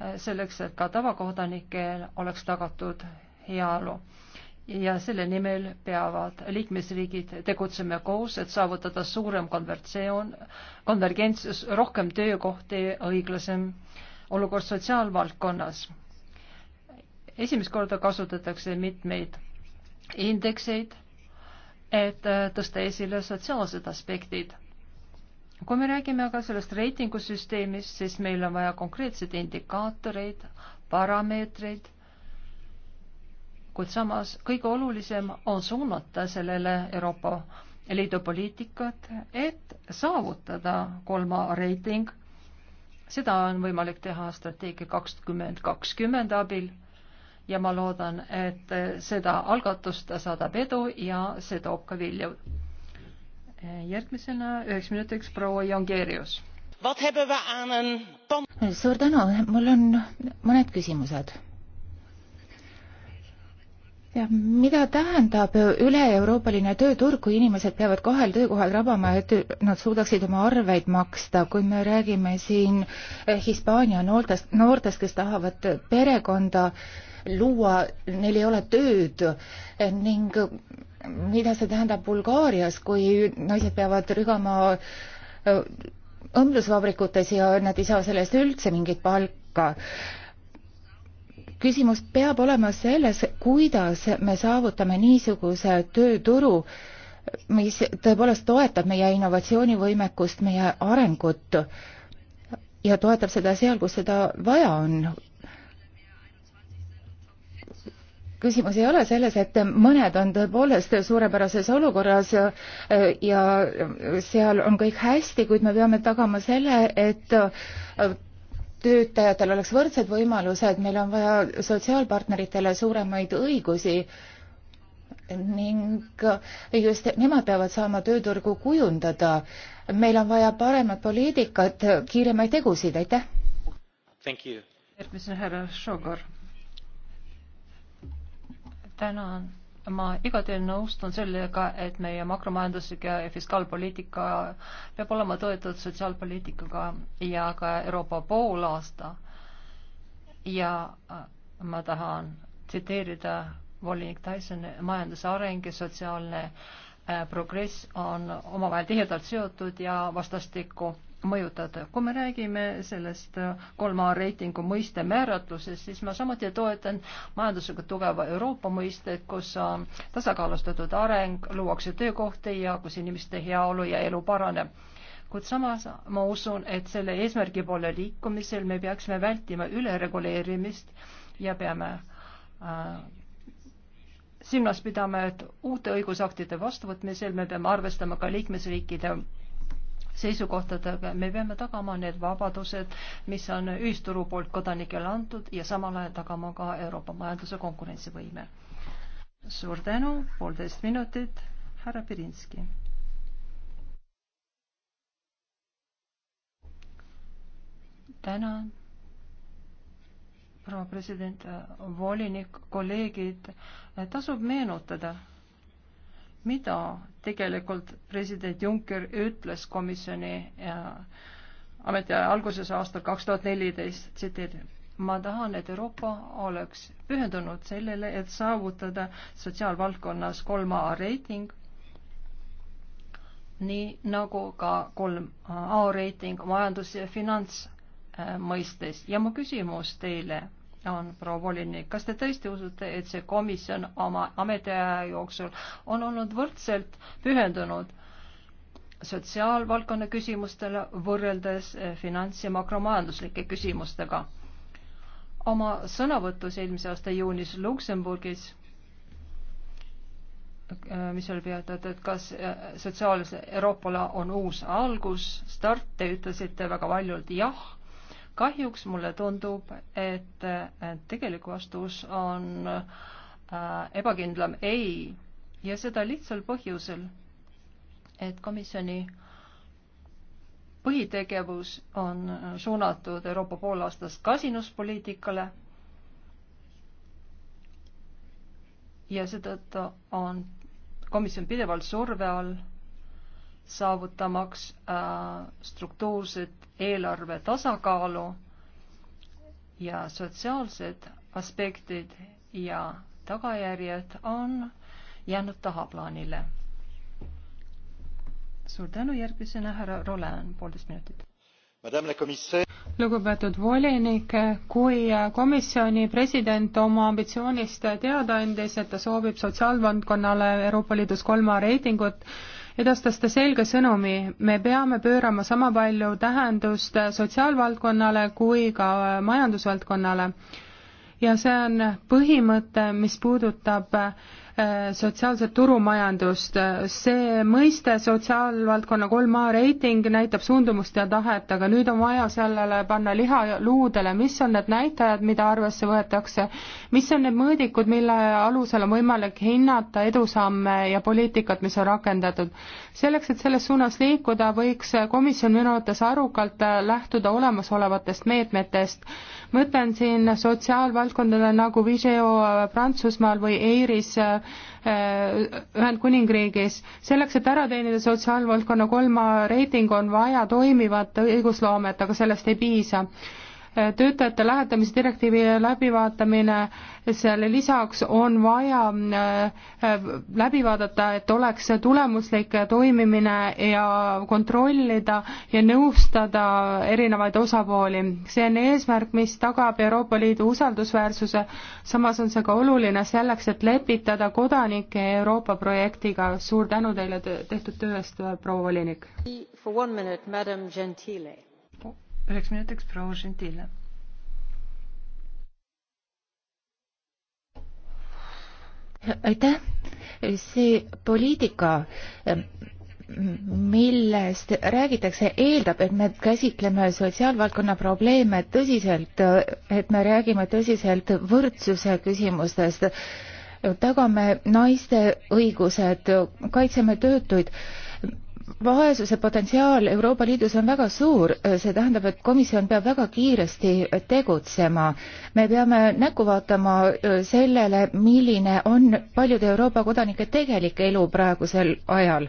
eh, selleks et ka tavakodanikel oleks tagatud heaolu. ja selle nimel peavad liikmesriigid tegutsema koos, et saavutada suurem konvertsioon, konvergents, rohkem töökohti, õiglasem olukord sotsiaalvaldkonnas. esimest korda kasutatakse mitmeid indekseid et äh, tõsta esile sotsiaalsed aspektid. kui me räägime aga sellest reitingusüsteemist, siis meil on vaja konkreetseid indikaatoreid, parameetreid, kuid samas kõige olulisem on suunata sellele Euroopa Liidu poliitikat, et saavutada kolma reiting. seda on võimalik teha strateegia kakskümmend kakskümmend abil ja ma loodan, et seda algatust saadab edu ja see toob ka vilju. järgmisena üheks minutiks proua Jongeerius. suur tänu, mul on mõned küsimused ja mida tähendab üle-euroopaline tööturg, kui inimesed peavad kahel töökohal rabama, et nad suudaksid oma arveid maksta, kui me räägime siin Hispaania noortest, noortest, kes tahavad perekonda äh, luua, neil ei ole tööd ning mida see tähendab Bulgaarias, kui naised peavad rügama õmblusvabrikutes ja nad ei saa selle eest üldse mingit palka. küsimus peab olema selles, kuidas me saavutame niisuguse tööturu, mis tõepoolest toetab meie innovatsioonivõimekust, meie arengut ja toetab seda seal, kus seda vaja on küsimus ei ole selles, et mõned on tõepoolest suurepärases olukorras äh, ja seal on kõik hästi, kuid me peame tagama selle, et äh, töötajatel oleks võrdsed võimalused, meil on vaja sotsiaalpartneritele suuremaid õigusi ning just nemad peavad saama tööturgu kujundada. meil on vaja paremat poliitikat, kiiremaid tegusid, aitäh! järgmisena härra Šogor tänan. ma igati nõustun sellega, et meie makromajanduslik ja fiskaalpoliitika peab olema toetatud sotsiaalpoliitikaga ja ka Euroopa poolaasta. ja äh, ma tahan tsiteerida volinik Tysoni, majanduse areng ja sotsiaalne äh, progress on omavahel tihedalt seotud ja vastastikku mõjutada. kui me räägime sellest kolma reitingu mõiste määratlusest, siis ma samuti toetan majanduslikult tugeva Euroopa mõistet, kus äh, tasakaalustatud areng, luuakse töökohti ja kus inimeste heaolu ja elu paraneb. kuid samas ma usun, et selle eesmärgi poole liikumisel me peaksime vältima ülereguleerimist ja peame äh, silmas pidama, et uute õigusaktide vastuvõtmisel me peame arvestama ka liikmesriikide seisukohtadega. me peame tagama need vabadused, mis on ühisturu poolt kodanikele antud ja samal ajal tagama ka Euroopa majanduse konkurentsivõime. suur tänu, poolteist minutit, härra Pirinski. tänan proua president, volinik, kolleegid, tasub meenutada, mida tegelikult president Juncker ütles komisjoni äh, ametiaja alguses aastal kaks tuhat neliteist, tsiteerin. ma tahan, et Euroopa oleks pühendunud sellele, et saavutada sotsiaalvaldkonnas kolm A reiting, nii nagu ka kolm A reiting majandus- ja finants äh, mõistes ja mu küsimus teile on proua volinik, kas te tõesti usute, et see komisjon oma ametiaja jooksul on olnud võrdselt pühendunud sotsiaalvaldkonna küsimustele võrreldes finants- ja makromajanduslike küsimustega? oma sõnavõtus eelmise aasta juunis Luksemburgis, mis oli peatatud, kas äh, sotsiaalse Euroopale on uus algus, start, te ütlesite väga valjult jah kahjuks mulle tundub, et tegelik vastus on äh, ebakindlam ei ja seda lihtsal põhjusel, et komisjoni põhitegevus on äh, suunatud Euroopa poolaastast kasinuspoliitikale ja seetõttu on komisjon pidevalt surve all saavutamaks äh, struktuurset eelarve tasakaalu ja sotsiaalsed aspektid ja tagajärjed on jäänud tahaplaanile. suur tänu, järgmisena härra Rolen, poolteist minutit. lugupeetud volinik, kui komisjoni president oma ambitsioonist teada andis, et ta soovib sotsiaalvaldkonnale Euroopa Liidus kolma reitingut, edastas ta selge sõnumi, me peame pöörama sama palju tähendust sotsiaalvaldkonnale kui ka majandusvaldkonnale. ja see on põhimõte, mis puudutab äh, Äh, sotsiaalset turumajandust. see mõiste, sotsiaalvaldkonna kolm A reiting, näitab suundumust ja tahet, aga nüüd on vaja sellele panna liha luudele, mis on need näitajad, mida arvesse võetakse, mis on need mõõdikud, mille alusel on võimalik hinnata edusamme ja poliitikat, mis on rakendatud. selleks, et selles suunas liikuda, võiks komisjon minu arvates arukalt lähtuda olemasolevatest meetmetest. mõtlen siin sotsiaalvaldkondadele nagu Vigeo Prantsusmaal või Eiris Äh, Ühendkuningriigis. selleks, et ära teenida sotsiaalvaldkonna kolma reiting, on vaja toimivat õigusloomet, aga sellest ei piisa töötajate lähetamise direktiivi läbivaatamine, selle lisaks on vaja äh, läbi vaadata, et oleks tulemuslik toimimine ja kontrollida ja nõustada erinevaid osapooli. see on eesmärk, mis tagab Euroopa Liidu usaldusväärsuse, samas on see ka oluline selleks, et lepitada kodanikke Euroopa projektiga. suur tänu teile tehtud töö eest, proua volinik! For one minute, madam Gentile üheks minutiks proua Gentile. aitäh, see poliitika millest räägitakse, eeldab, et me käsitleme sotsiaalvaldkonna probleeme tõsiselt, et me räägime tõsiselt võrdsuse küsimustest, tagame naiste õigused, kaitseme töötuid vaesuse potentsiaal Euroopa Liidus on väga suur, see tähendab, et komisjon peab väga kiiresti tegutsema. me peame näkku vaatama äh, sellele, milline on paljude Euroopa kodanike tegelik elu praegusel ajal.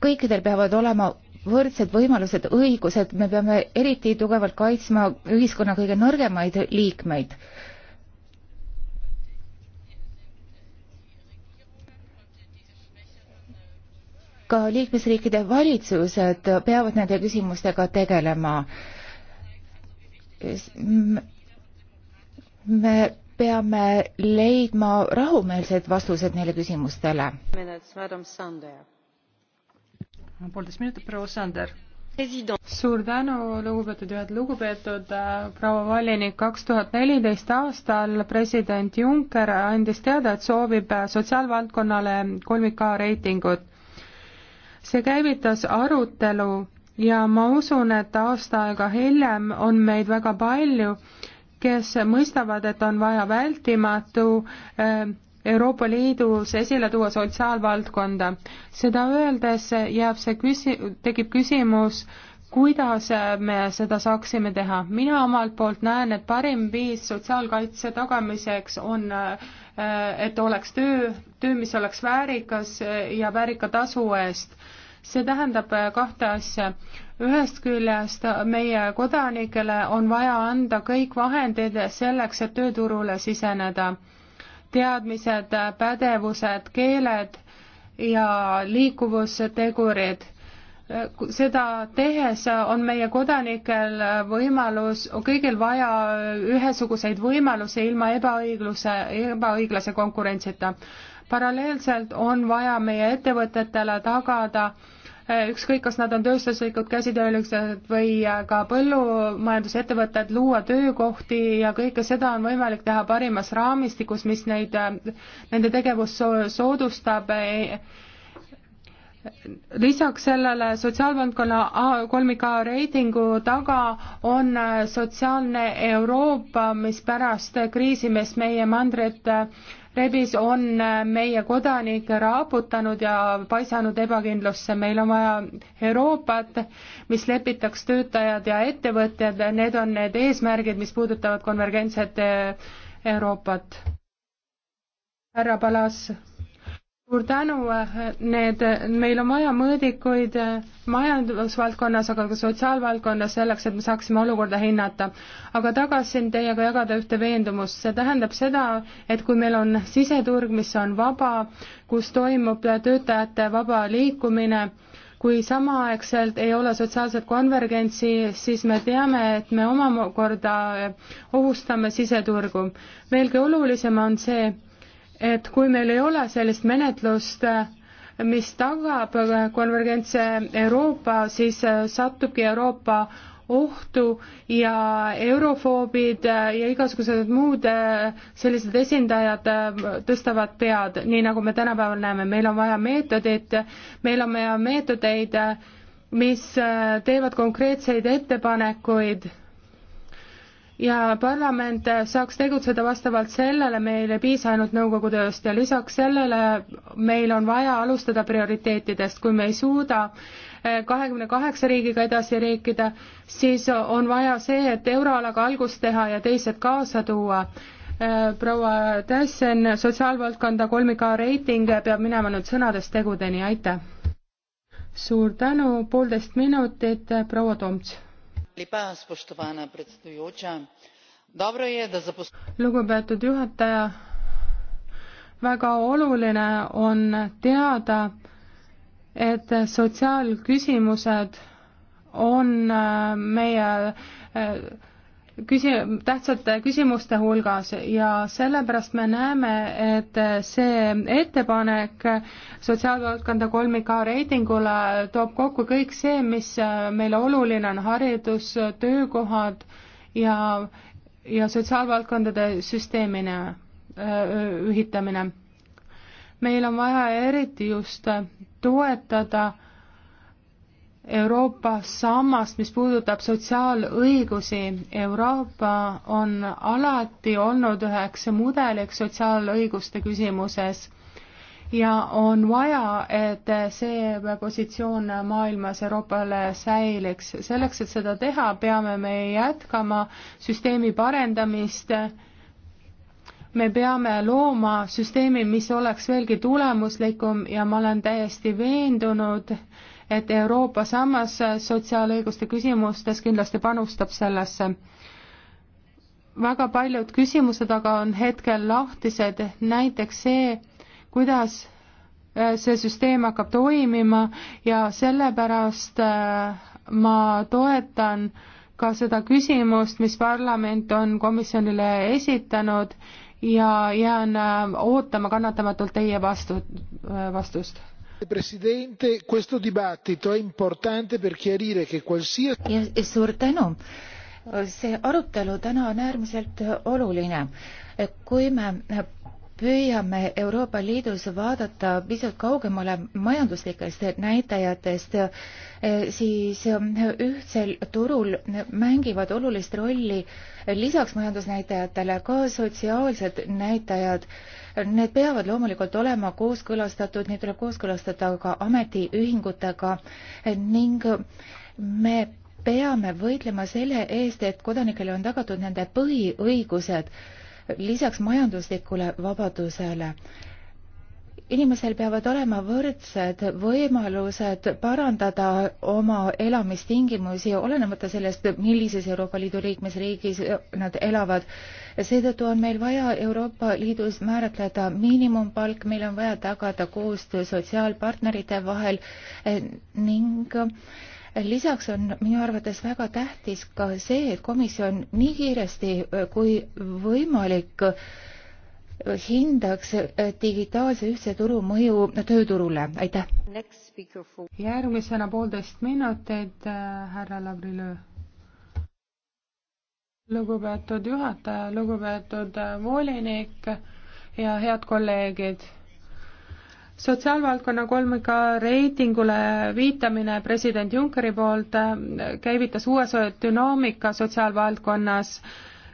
kõikidel peavad olema võrdsed võimalused, õigused, me peame eriti tugevalt kaitsma ühiskonna kõige nõrgemaid liikmeid ka liikmesriikide valitsused peavad nende küsimustega tegelema. me peame leidma rahumeelsed vastused neile küsimustele. poolteist minutit, proua Sander suur tänu, lugupeetud juhataja, lugupeetud äh, proua volinik, kaks tuhat neliteist aastal president Juncker andis teada, et soovib äh, sotsiaalvaldkonnale kolmik A reitingut see käivitas arutelu ja ma usun, et aasta aega hiljem on meid väga palju, kes mõistavad, et on vaja vältimatu eh, Euroopa Liidus esile tuua sotsiaalvaldkonda. seda öeldes jääb see küsi-, tekib küsimus, kuidas me seda saaksime teha. mina omalt poolt näen, et parim viis sotsiaalkaitse tagamiseks on, eh, et oleks töö, töö, mis oleks väärikas ja väärika tasu eest see tähendab äh, kahte asja. ühest küljest meie kodanikele on vaja anda kõik vahendid selleks, et tööturule siseneda. teadmised, äh, pädevused, keeled ja liikuvustegurid. Äh, seda tehes on meie kodanikel võimalus, kõigil vaja ühesuguseid võimalusi ilma ebaõigluse, ebaõiglase konkurentsita paralleelselt on vaja meie ettevõtetele tagada eh, ükskõik, kas nad on tööstuslikud käsitöölised eh, või eh, ka põllumajandusettevõtted, luua töökohti ja kõike seda on võimalik teha parimas raamistikus, mis neid, nende tegevust soodustab lisaks sellele sotsiaalvaldkonna kolmika reitingu taga on sotsiaalne Euroopa, mis pärast kriisi, mis meie mandrit rebis, on äh, meie kodanikke raaputanud ja paisanud ebakindlusse. meil on vaja Euroopat, mis lepitaks töötajad ja ettevõtjad, need on need eesmärgid, mis puudutavad konvergentset äh, Euroopat. härra Palas, suur tänu, äh, need, meil on vaja mõõdikuid äh, majandusvaldkonnas, aga ka sotsiaalvaldkonnas selleks, et me saaksime olukorda hinnata. aga tagasin teiega jagada ühte veendumust, see tähendab seda, et kui meil on siseturg, mis on vaba, kus toimub töötajate vaba liikumine, kui samaaegselt ei ole sotsiaalset konvergentsi, siis me teame, et me omakorda ohustame siseturgu. veelgi olulisem on see, et kui meil ei ole sellist menetlust, mis tagab konvergentse Euroopa, siis satubki Euroopa ohtu ja eurofoobid ja igasugused muud sellised esindajad tõstavad pead, nii nagu me tänapäeval näeme, meil on vaja meetodit, meil on vaja meetodeid, mis teevad konkreetseid ettepanekuid ja parlament saaks tegutseda vastavalt sellele, meil ei piisa ainult nõukogu tööst ja lisaks sellele meil on vaja alustada prioriteetidest, kui me ei suuda eh, kahekümne kaheksa riigiga edasi riikida, siis on vaja see, et euroalaga algust teha ja teised kaasa tuua. Eh, proua Tässen, sotsiaalvaldkonda kolmika reiting peab minema nüüd sõnadest tegudeni, aitäh! suur tänu, poolteist minutit, proua Tomts lugupeetud juhataja väga oluline on teada et sotsiaalküsimused on äh, meie äh, küsi-, tähtsate küsimuste hulgas ja sellepärast me näeme, et see ettepanek sotsiaalvaldkonda kolmik A reitingule toob kokku kõik see, mis meile oluline on, haridus, töökohad ja, ja sotsiaalvaldkondade süsteemine, ühitamine. meil on vaja eriti just toetada äh, Euroopa sammast, mis puudutab sotsiaalõigusi. Euroopa on alati olnud üheks mudeliks sotsiaalõiguste küsimuses ja on vaja, et see positsioon maailmas Euroopale säiliks. selleks, et seda teha, peame me jätkama süsteemi parendamist me peame looma süsteemi, mis oleks veelgi tulemuslikum ja ma olen täiesti veendunud, et Euroopa sammas sotsiaalõiguste küsimustes kindlasti panustab sellesse. väga paljud küsimused aga on hetkel lahtised, näiteks see, kuidas äh, see süsteem hakkab toimima ja sellepärast äh, ma toetan ka seda küsimust, mis parlament on komisjonile esitanud ja jään äh, ootama kannatamatult teie vastu, vastust presidente questo dibattito è importante per chiarire che qualsiasi. suur tänu see arutelu täna on äärmiselt oluline kui me püüame Euroopa Liidus vaadata pisut kaugemale majanduslikest näitajatest, siis ühtsel turul mängivad olulist rolli lisaks majandusnäitajatele ka sotsiaalsed näitajad Need peavad loomulikult olema kooskõlastatud, neid tuleb kooskõlastada ka ametiühingutega ning me peame võitlema selle eest, et kodanikele on tagatud nende põhiõigused lisaks majanduslikule vabadusele inimesel peavad olema võrdsed võimalused parandada oma elamistingimusi, olenemata sellest, millises Euroopa Liidu liikmesriigis nad elavad. seetõttu on meil vaja Euroopa Liidus määratleda miinimumpalk, meil on vaja tagada koostöö sotsiaalpartnerite vahel eh, ning eh, lisaks on minu arvates väga tähtis ka see, et komisjon nii kiiresti eh, kui võimalik hindaks eh, digitaalse ühtse turu mõju tööturule, aitäh! järgmisena poolteist minutit äh,, härra Lavrilöö. lugupeetud juhataja, lugupeetud äh, volinik ja head kolleegid sotsiaalvaldkonna kolmika reitingule viitamine president Junckeri poolt käivitas uue dünaamika sotsiaalvaldkonnas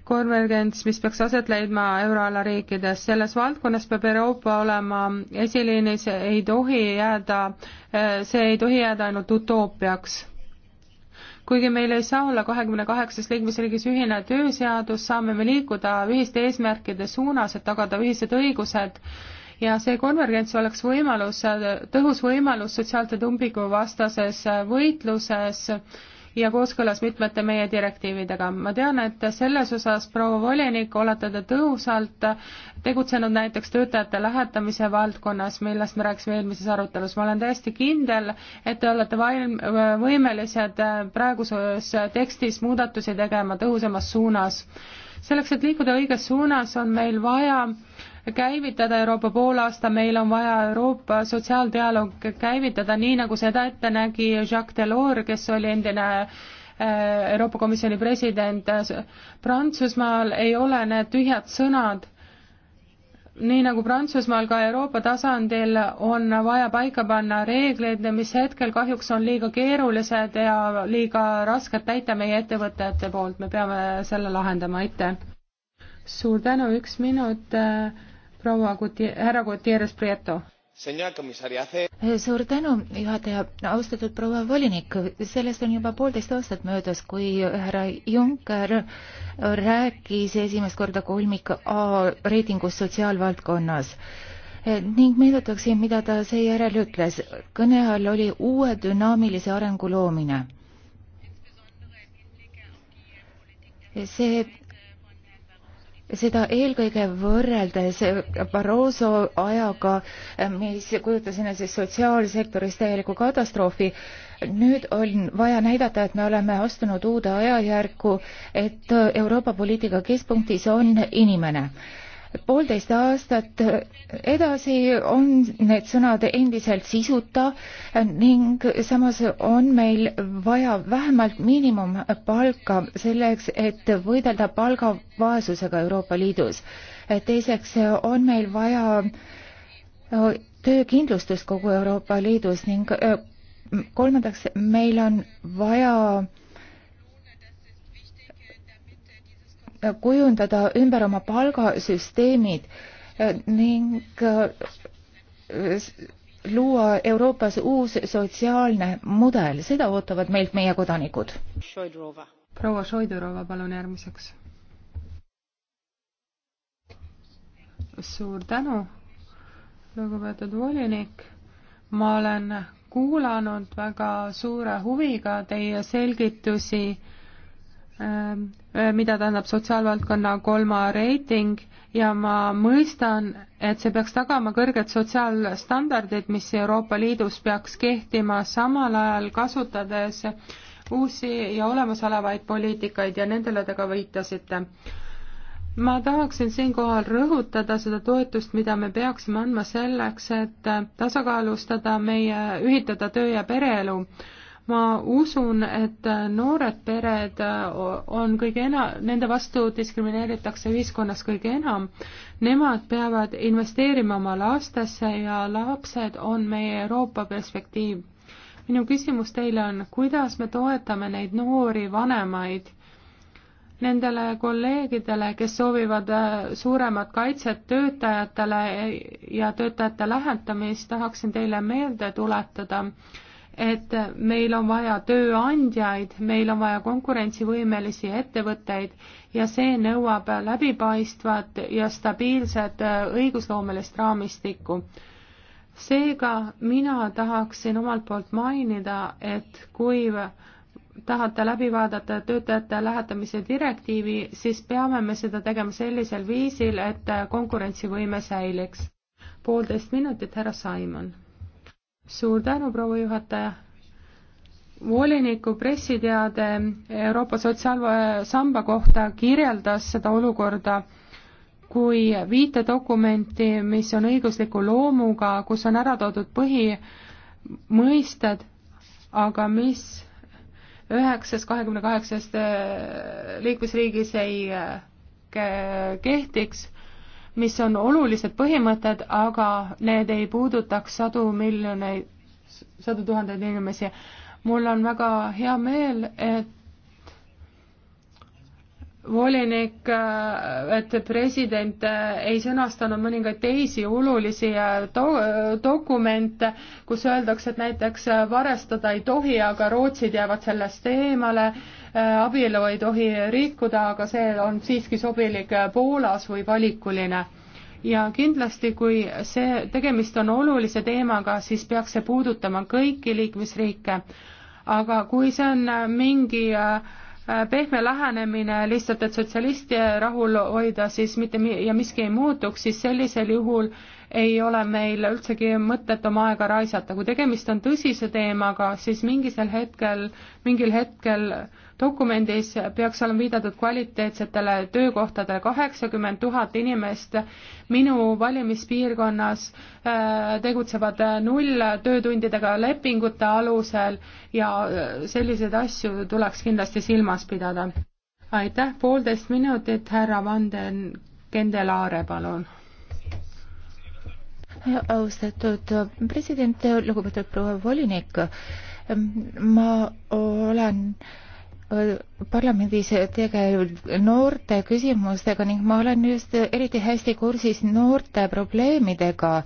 konvergents, mis peaks aset leidma euroala riikides. selles valdkonnas peab Euroopa olema esiliinis, ei tohi jääda, see ei tohi jääda ainult utoopiaks kuigi meil ei saa olla kahekümne kaheksas liikmesriigis ühine tööseadus, saame me liikuda ühiste eesmärkide suunas, et tagada ühised õigused ja see konvergents oleks võimalus, tõhus võimalus sotsiaalse tumbiku vastases võitluses äh, ja kooskõlas mitmete meie direktiividega. ma tean, et selles osas, proua volinik, olete te tõhusalt tegutsenud näiteks töötajate lähetamise valdkonnas, millest me rääkisime eelmises arutelus. ma olen täiesti kindel, et te olete valm-, võimelised praeguses tekstis muudatusi tegema tõhusamas suunas. selleks, et liikuda õiges suunas, on meil vaja käivitada Euroopa poolaasta, meil on vaja Euroopa sotsiaaldialoog käivitada, nii nagu seda ette nägi Jacques Delors, kes oli endine äh, Euroopa Komisjoni president Prantsusmaal, ei ole need tühjad sõnad nii nagu Prantsusmaal ka Euroopa tasandil on vaja paika panna reegleid, mis hetkel kahjuks on liiga keerulised ja liiga rasked täita meie ettevõtete poolt, me peame selle lahendama, aitäh. suur tänu, üks minut äh, proua Guti-, härra Gutierrez Prieto eh, suur tänu, juhataja, austatud proua volinik, sellest on juba poolteist aastat möödas, kui härra Juncker rääkis esimest korda kolmik A reitingust sotsiaalvaldkonnas eh, ning meenutaksin, mida ta seejärel ütles. kõne all oli uue dünaamilise arengu loomine. Eh, see seda eelkõige võrreldes Barroso ajaga, mis kujutas endast sotsiaalsektoris täielikku katastroofi. nüüd on vaja näidata, et me oleme astunud uude ajajärku, et Euroopa poliitika keskpunktis on inimene poolteist aastat edasi on need sõnad endiselt sisuta ning samas on meil vaja vähemalt miinimumpalka selleks, et võidelda palgavaesusega Euroopa Liidus. teiseks on meil vaja töökindlustust kogu Euroopa Liidus ning kolmandaks, meil on vaja kujundada ümber oma palgasüsteemid eh, ning eh, luua Euroopas uus sotsiaalne mudel, seda ootavad meilt meie kodanikud. proua Šoidurova, palun järgmiseks. suur tänu, lugupeetud volinik. ma olen kuulanud väga suure huviga teie selgitusi Ähm, äh, mida tähendab sotsiaalvaldkonna kolma reiting ja ma mõistan, et see peaks tagama kõrged sotsiaalstandardid, mis Euroopa Liidus peaks kehtima samal ajal kasutades uusi ja olemasolevaid poliitikaid ja nendele te ka viitasite. ma tahaksin siinkohal rõhutada seda toetust, mida me peaksime andma selleks, et tasakaalustada meie, ühitada töö ja pereelu ma usun, et noored pered on kõige ena-, nende vastu diskrimineeritakse ühiskonnas kõige enam. Nemad peavad investeerima oma lastesse ja lapsed on meie Euroopa perspektiiv. minu küsimus teile on, kuidas me toetame neid noori vanemaid, nendele kolleegidele, kes soovivad äh, suuremat kaitset töötajatele ja töötajate lähetamist, tahaksin teile meelde tuletada, et meil on vaja tööandjaid, meil on vaja konkurentsivõimelisi ettevõtteid ja see nõuab läbipaistvat ja stabiilset äh, õigusloomelist raamistikku. seega mina tahaksin omalt poolt mainida, et kui tahate läbi vaadata töötajate lähetamise direktiivi, siis peame me seda tegema sellisel viisil, et konkurentsivõime säiliks. poolteist minutit, härra Simon suur tänu, proua juhataja. voliniku pressiteade Euroopa Sotsiaalsamba kohta kirjeldas seda olukorda kui viitedokumenti, mis on õigusliku loomuga, kus on ära toodud põhimõisted, aga mis üheksast kahekümne kaheksast äh, liikmesriigis ei äh, kehtiks mis on olulised põhimõtted, aga need ei puudutaks sadu miljoneid, sadu tuhandeid inimesi. mul on väga hea meel, et volinik, et president ei sõnastanud mõningaid teisi olulisi do-, äh, dokumente, kus öeldakse, et näiteks varestada ei tohi, aga Rootsid jäävad sellest eemale abielu ei tohi rikkuda, aga see on siiski sobilik Poolas või valikuline ja kindlasti, kui see, tegemist on olulise teemaga, siis peaks see puudutama kõiki liikmesriike. aga kui see on mingi äh, pehme lähenemine lihtsalt, et sotsialiste rahul hoida, siis mitte ja miski ei muutuks, siis sellisel juhul äh, ei ole meil üldsegi mõtet oma aega raisata. kui tegemist on tõsise teemaga, siis mingisel hetkel, mingil hetkel dokumendis peaks olema viidatud kvaliteetsetele töökohtadele. kaheksakümmend tuhat inimest minu valimispiirkonnas äh, tegutsevad null töötundidega lepingute alusel ja äh, selliseid asju tuleks kindlasti silmas pidada. aitäh, poolteist minutit, härra Vanden Kendelaare, palun austatud president, lugupeetud proua volinik, ma olen äh, parlamendis tegelenud noorte küsimustega ning ma olen just eriti hästi kursis noorte probleemidega.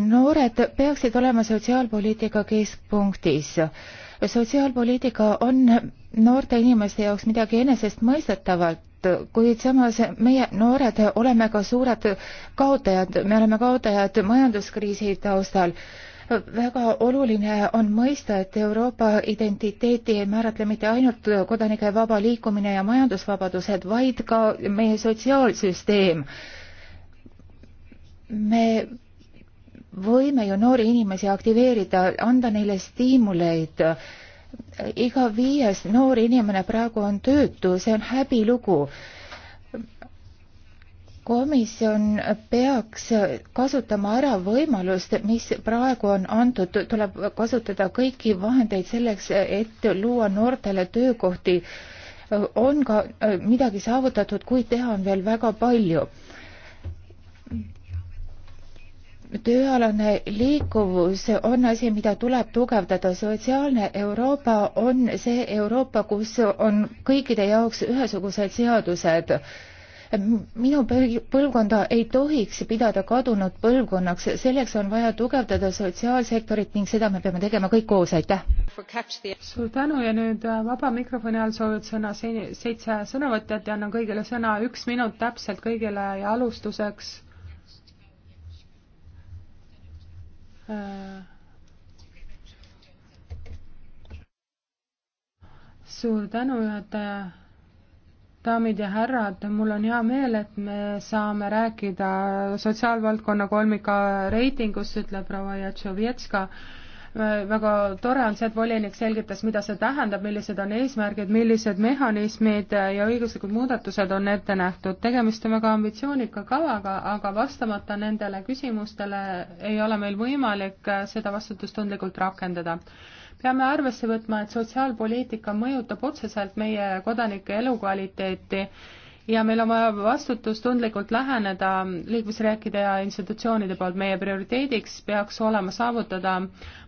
noored peaksid olema sotsiaalpoliitika keskpunktis. sotsiaalpoliitika on noorte inimeste jaoks midagi enesestmõistetavat kuid samas meie noored oleme ka suured kaotajad, me oleme kaotajad majanduskriisi taustal. väga oluline on mõista, et Euroopa identiteeti ei määratle mitte ainult kodanike vaba liikumine ja majandusvabadused, vaid ka meie sotsiaalsüsteem. me võime ju noori inimesi aktiveerida, anda neile stiimuleid iga viies noor inimene praegu on töötu, see on häbilugu. komisjon peaks kasutama ära võimalust, mis praegu on antud, tuleb kasutada kõiki vahendeid selleks, et luua noortele töökohti. on ka midagi saavutatud, kuid teha on veel väga palju tööalane liikuvus on asi, mida tuleb tugevdada. sotsiaalne Euroopa on see Euroopa, kus on kõikide jaoks ühesugused seadused. minu põlvkonda ei tohiks pidada kadunud põlvkonnaks, selleks on vaja tugevdada sotsiaalsektorit ning seda me peame tegema kõik koos, aitäh! suur tänu ja nüüd äh, vaba mikrofoni all soovivad sõna seitse sõnavõtjat ja annan kõigile sõna üks minut täpselt kõigile ja alustuseks Äh, suur tänu, juhataja. daamid ja härrad, mul on hea meel, et me saame rääkida sotsiaalvaldkonna kolmika reitingust, ütleb proua Jatšovetska väga tore on see, et volinik selgitas, mida see tähendab, millised on eesmärgid, millised mehhanismid ja õiguslikud muudatused on ette nähtud. tegemist on väga ambitsioonika kavaga, aga vastamata nendele küsimustele ei ole meil võimalik äh, seda vastutustundlikult rakendada. peame arvesse võtma, et sotsiaalpoliitika mõjutab otseselt meie kodanike elukvaliteeti ja meil on vaja vastutustundlikult läheneda liikmesriikide ja institutsioonide poolt. meie prioriteediks peaks olema saavutada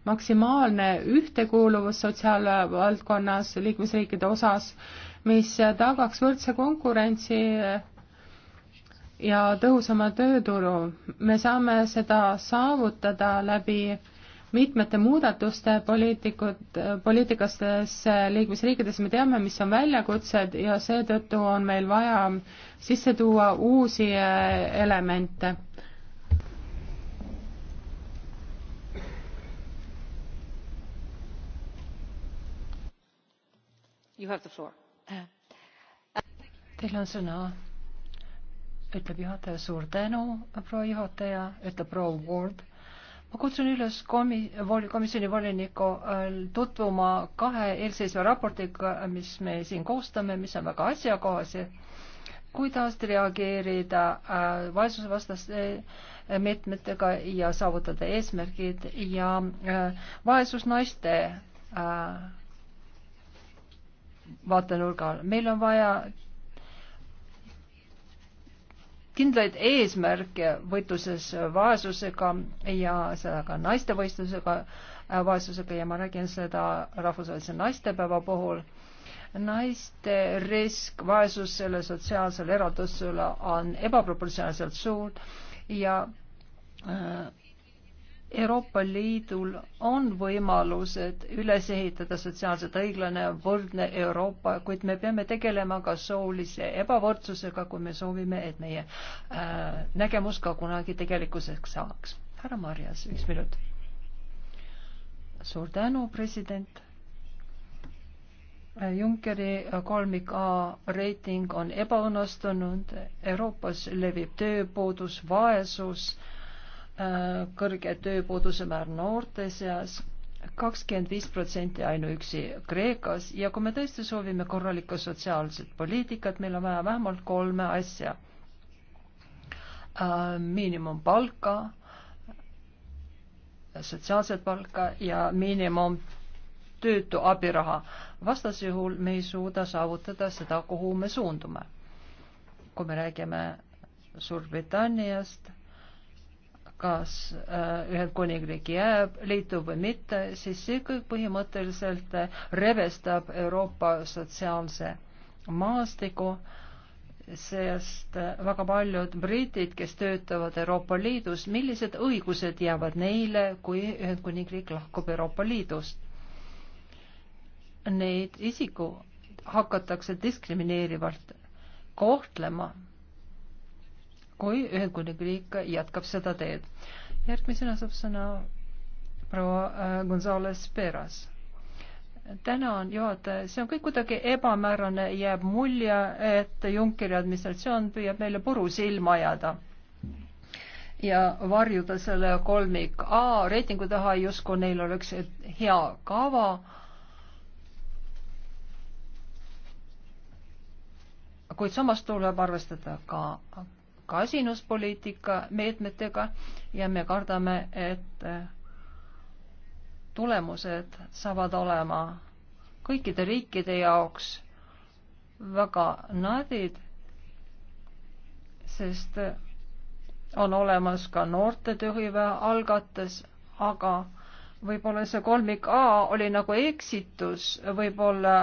maksimaalne ühtekuuluvus sotsiaalvaldkonnas liikmesriikide osas, mis tagaks võrdse konkurentsi ja tõhusama tööturu. me saame seda saavutada läbi mitmete muudatuste poliitikud, poliitikates liikmesriikides me teame, mis on väljakutsed ja seetõttu on meil vaja sisse tuua uusi eh, elemente teil on sõna ütleb juhataja suur tänu proua juhataja ütleb proua ward ma kutsun üles komi-, vol-, komisjoni voliniku äh, tutvuma kahe eelseisva raportiga, mis me siin koostame, mis on väga asjakohased, kuidas reageerida äh, vaesusevastaste äh, meetmetega ja saavutada eesmärgid ja vaesusnaiste vaatenurgal. meil on vaja kindlaid eesmärke võitluses vaesusega ja sellega naiste võistlusega, äh, vaesusega ja ma räägin seda rahvusvahelise naistepäeva puhul. naiste risk vaesusele, sotsiaalsele eraldusele on ebaproportsionaalselt suur ja äh, Euroopa Liidul on võimalused üles ehitada sotsiaalselt õiglane võrdne Euroopa, kuid me peame tegelema ka soolise ebavõrdsusega, kui me soovime, et meie äh, nägemus ka kunagi tegelikkuseks saaks. härra Marjas, üks minut. suur tänu, president. Junckeri kolmik A reiting on ebaõnnestunud, Euroopas levib tööpuudus, vaesus äh,, kõrge tööpuuduse määr noorte seas, kakskümmend viis protsenti ainuüksi Kreekas ja kui me tõesti soovime korralikku sotsiaalset poliitikat, meil on vaja vähemalt kolme asja. Äh, miinimumpalka, sotsiaalset palka ja miinimum töötu abiraha. vastasjuhul me ei suuda saavutada seda, kuhu me suundume. kui me räägime Suurbritanniast kas äh, Ühendkuningriik jääb, liitub või mitte, siis see kõik põhimõtteliselt äh, revestab Euroopa sotsiaalse maastiku, sest äh, väga paljud britid, kes töötavad Euroopa Liidus, millised õigused jäävad neile, kui Ühendkuningriik lahkub Euroopa Liidust? Neid isiku hakatakse diskrimineerivalt kohtlema kui Ühendkuningriik jätkab seda teed. järgmisena saab sõna proua äh, Gonzales Peras. tänan, juhataja, see on kõik kuidagi ebamäärane, jääb mulje, et Junckeri administratsioon püüab meile puru silma ajada ja varjuda selle kolmik A reitingu taha, justkui neil oleks hea kava kuid samas tuleb arvestada ka kasinuspoliitika meetmetega ja me kardame, et eh, tulemused saavad olema kõikide riikide jaoks väga nadid, sest eh, on olemas ka noorte tööhõive algates, aga võib-olla see kolmik A oli nagu eksitus, võib-olla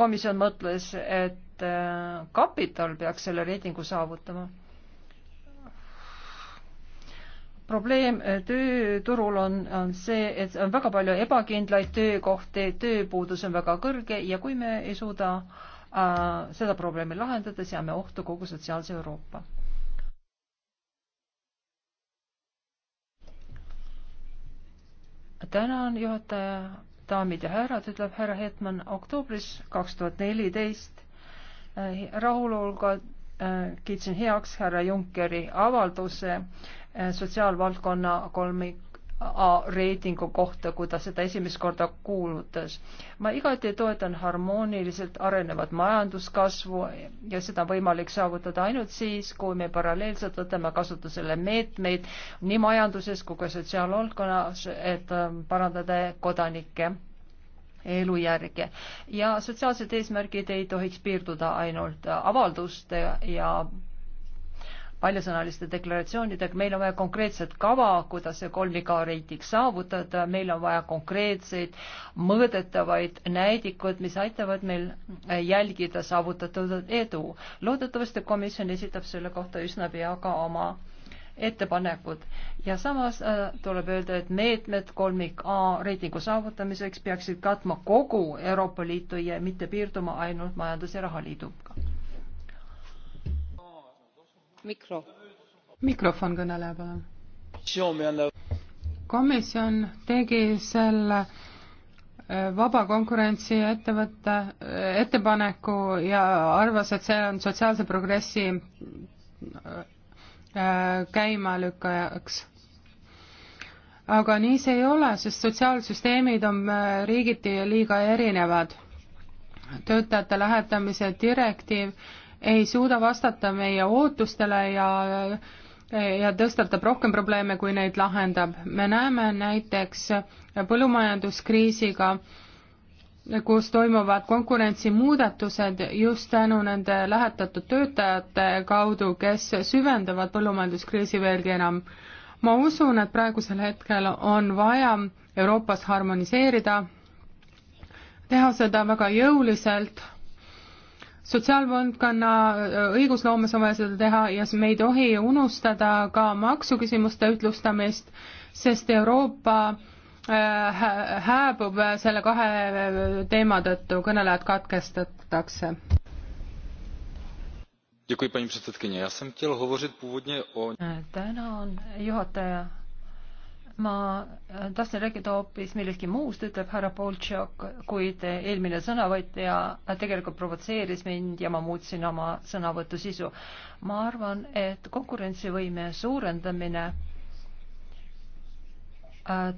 komisjon mõtles, et eh, kapital peaks selle reitingu saavutama probleem äh, tööturul on, on see, et on väga palju ebakindlaid töökohti, tööpuudus on väga kõrge ja kui me ei suuda äh, seda probleemi lahendada, seame ohtu kogu sotsiaalse Euroopa. tänan, juhataja, daamid ja härrad, ütleb härra Hetman oktoobris kaks tuhat neliteist äh, rahulolga äh, kiitsin heaks härra Junckeri avalduse äh, sotsiaalvaldkonna kolmik A reitingu kohta, kui ta seda esimest korda kuulutas. ma igati toetan harmooniliselt arenevat majanduskasvu ja seda on võimalik saavutada ainult siis, kui me paralleelselt võtame kasutusele meetmeid nii majanduses kui ka sotsiaalvaldkonnas, et ähm, parandada kodanike elujärge ja sotsiaalsed eesmärgid ei tohiks piirduda ainult äh, avalduste ja paljasõnaliste deklaratsioonidega, meil on vaja konkreetset kava, kuidas see kolmik A reiting saavutada, meil on vaja konkreetseid mõõdetavaid näidikud, mis aitavad meil jälgida saavutatud edu. loodetavasti komisjon esitab selle kohta üsna pea ka oma ettepanekud ja samas äh, tuleb öelda, et meetmed kolmik A reitingu saavutamiseks peaksid katma kogu Euroopa Liitu ja mitte piirduma ainult Majandus- ja Rahaliiduga Mikro. mikrofon kõneleja, palun. komisjon tegi selle äh, vaba konkurentsi ettevõtte äh, ettepaneku ja arvas, et see on sotsiaalse progressi äh, käimalükkajaks. aga nii see ei ole, sest sotsiaalsüsteemid on riigiti liiga erinevad. töötajate lähetamise direktiiv ei suuda vastata meie ootustele ja ja tõstatab rohkem probleeme, kui neid lahendab. me näeme näiteks põllumajanduskriisiga, kus toimuvad konkurentsimuudatused just tänu nende lähetatud töötajate kaudu, kes süvendavad põllumajanduskriisi veelgi enam. ma usun, et praegusel hetkel on vaja Euroopas harmoniseerida, teha seda väga jõuliselt sotsiaalvaldkonna äh, õigusloomes on vaja seda teha ja me ei tohi unustada ka maksuküsimuste ütlustamist, sest Euroopa äh, hääbub selle kahe äh, teema tõttu, kõnelejad katkestatakse. tänan, juhataja ma äh, tahtsin rääkida hoopis millestki muust, ütleb härra Poltšak, kuid eelmine sõnavõtja tegelikult provotseeris mind ja ma muutsin oma sõnavõtu sisu. ma arvan, et konkurentsivõime suurendamine äh,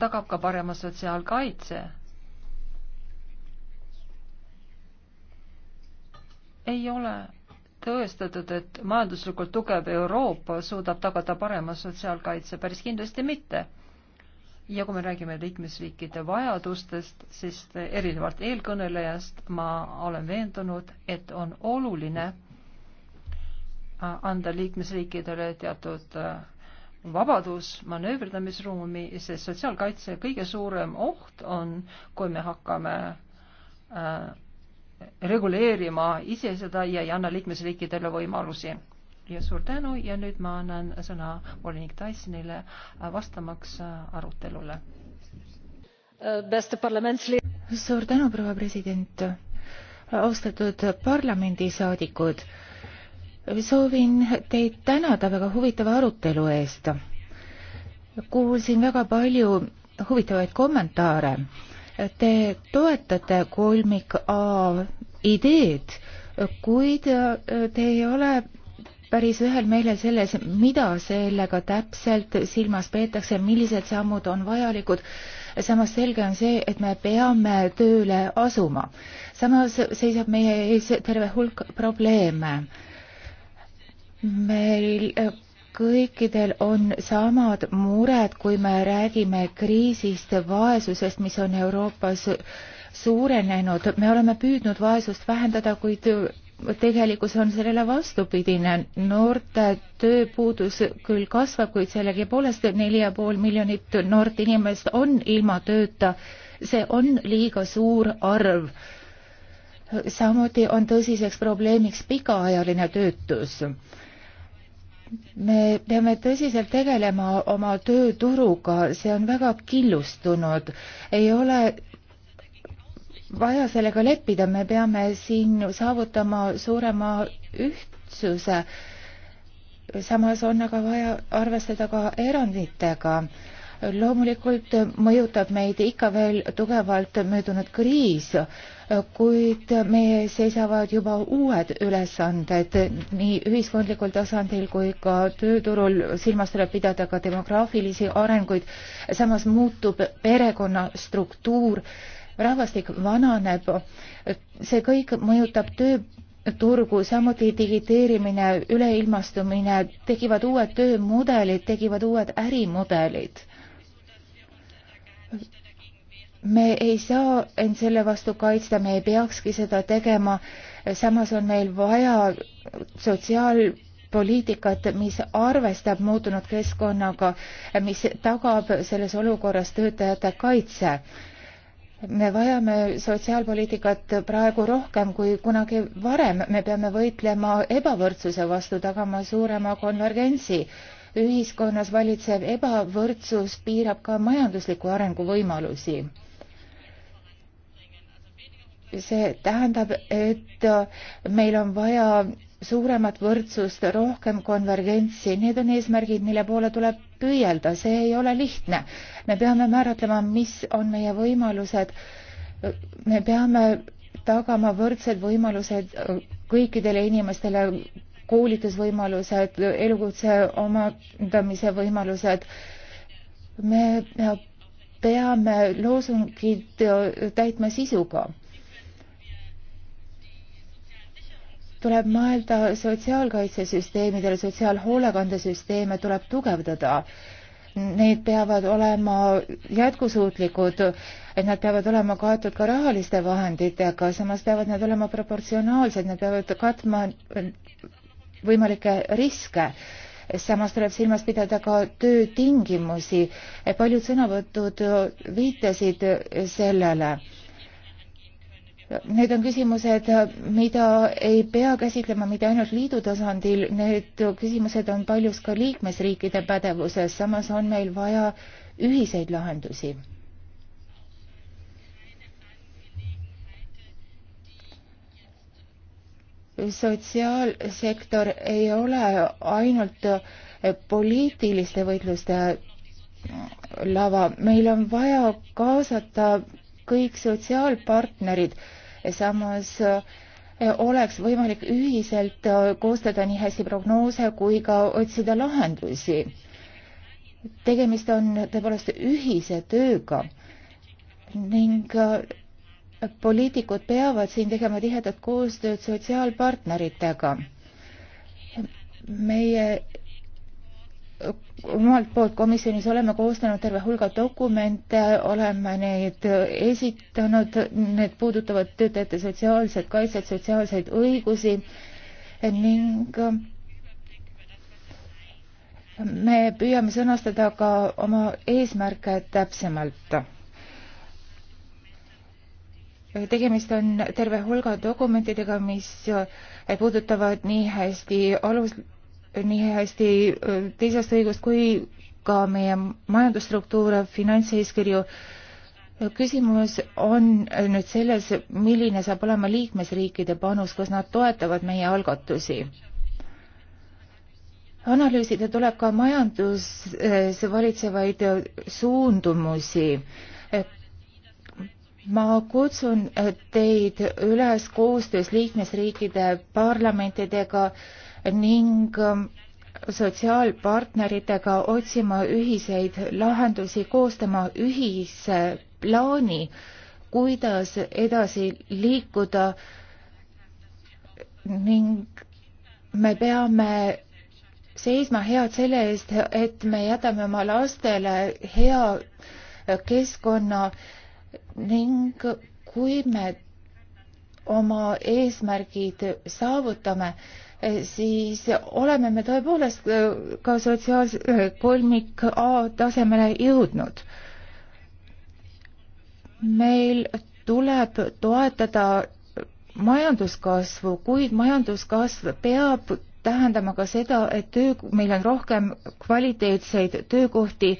tagab ka parema sotsiaalkaitse. ei ole tõestatud, et majanduslikult tugev Euroopa suudab tagada parema sotsiaalkaitse, päris kindlasti mitte ja kui me räägime liikmesriikide vajadustest, siis erinevalt eelkõnelejast ma olen veendunud, et on oluline äh, anda liikmesriikidele teatud äh, vabadus, manööverdamisruumi, sest sotsiaalkaitse kõige suurem oht on, kui me hakkame äh, reguleerima ise seda ja ei anna liikmesriikidele võimalusi ja suur tänu ja nüüd ma annan sõna volinik Tysonile äh, vastamaks äh, arutelule. suur tänu, proua president. austatud parlamendisaadikud, soovin teid tänada väga huvitava arutelu eest. kuulsin väga palju huvitavaid kommentaare. Te toetate kolmik A ideed, kuid te ei ole päris ühel meelel selles, mida sellega täpselt silmas peetakse, millised sammud on vajalikud. samas selge on see, et me peame tööle asuma. samas seisab meie ees terve hulk probleeme. meil äh, kõikidel on samad mured, kui me räägime kriisist, vaesusest, mis on Euroopas suurenenud. me oleme püüdnud vaesust vähendada, kuid tegelikkus on sellele vastupidine. noorte tööpuudus küll kasvab, kuid sellegipoolest neli ja pool miljonit noort inimest on ilma tööta. see on liiga suur arv. samuti on tõsiseks probleemiks pikaajaline töötus me peame tõsiselt tegelema oma tööturuga, see on väga killustunud, ei ole vaja sellega leppida, me peame siin saavutama suurema ühtsuse. samas on aga vaja arvestada ka eranditega. loomulikult mõjutab meid ikka veel tugevalt möödunud kriis, kuid meie ees seisavad juba uued ülesanded nii ühiskondlikul tasandil kui ka tööturul, silmas tuleb pidada ka demograafilisi arenguid, samas muutub perekonna struktuur rahvastik vananeb, see kõik mõjutab tööturgu, samuti digiteerimine, üleilmastumine, tekivad uued töömudelid, tekivad uued ärimudelid. me ei saa end selle vastu kaitsta, me ei peakski seda tegema, samas on meil vaja sotsiaal poliitikat, mis arvestab muutunud keskkonnaga, mis tagab selles olukorras töötajate kaitse me vajame sotsiaalpoliitikat praegu rohkem kui kunagi varem, me peame võitlema ebavõrdsuse vastu, tagama suurema konvergentsi. ühiskonnas valitsev ebavõrdsus piirab ka majandusliku arengu võimalusi. see tähendab, et meil on vaja suuremat võrdsust, rohkem konvergentsi, need on eesmärgid, mille poole tuleb püüelda, see ei ole lihtne. me peame määratlema, mis on meie võimalused, me peame tagama võrdsed võimalused kõikidele inimestele, koolitusvõimalused, elukutse omandamise võimalused, me peame loosungid täitma sisuga tuleb mõelda sotsiaalkaitsesüsteemidele, sotsiaalhoolekandesüsteeme tuleb tugevdada. Need peavad olema jätkusuutlikud, et nad peavad olema kaetud ka rahaliste vahenditega, samas peavad nad olema proportsionaalsed, nad peavad katma võimalikke riske samas tuleb silmas pidada ka töötingimusi. paljud sõnavõtud viitasid sellele Need on küsimused, mida ei pea käsitlema mitte ainult liidu tasandil, need küsimused on paljus ka liikmesriikide pädevuses, samas on meil vaja ühiseid lahendusi. sotsiaalsektor ei ole ainult poliitiliste võitluste lava, meil on vaja kaasata kõik sotsiaalpartnerid. samas eh, oleks võimalik ühiselt eh, koostada nii hästi prognoose kui ka otsida lahendusi. tegemist on tõepoolest ühise tööga ning eh, poliitikud peavad siin tegema tihedat koostööd sotsiaalpartneritega. meie omalt poolt komisjonis oleme koostanud terve hulga dokumente, oleme neid esitanud, need puudutavad töötajate sotsiaalset kaitset, sotsiaalseid õigusi ning me püüame sõnastada ka oma eesmärke täpsemalt. tegemist on terve hulga dokumentidega, mis puudutavad nii hästi alus, nii hästi teisest õigust kui ka meie majandusstruktuure, finantseeskirju. küsimus on äh, nüüd selles, milline saab olema liikmesriikide panus, kas nad toetavad meie algatusi? analüüsida tuleb ka majanduses äh, valitsevaid äh, suundumusi ma kutsun teid üles koostöös liikmesriikide parlamentidega ning ähm, sotsiaalpartneritega otsima ühiseid lahendusi, koostama ühise plaani, kuidas edasi liikuda ning me peame seisma head selle eest, et me jätame oma lastele hea keskkonna ning kui me oma eesmärgid saavutame, Eh, siis oleme me tõepoolest eh, ka sotsiaalse eh, kolmik A tasemele jõudnud. meil tuleb toetada majanduskasvu, kuid majanduskasv peab tähendama ka seda, et töö, meil on rohkem kvaliteetseid töökohti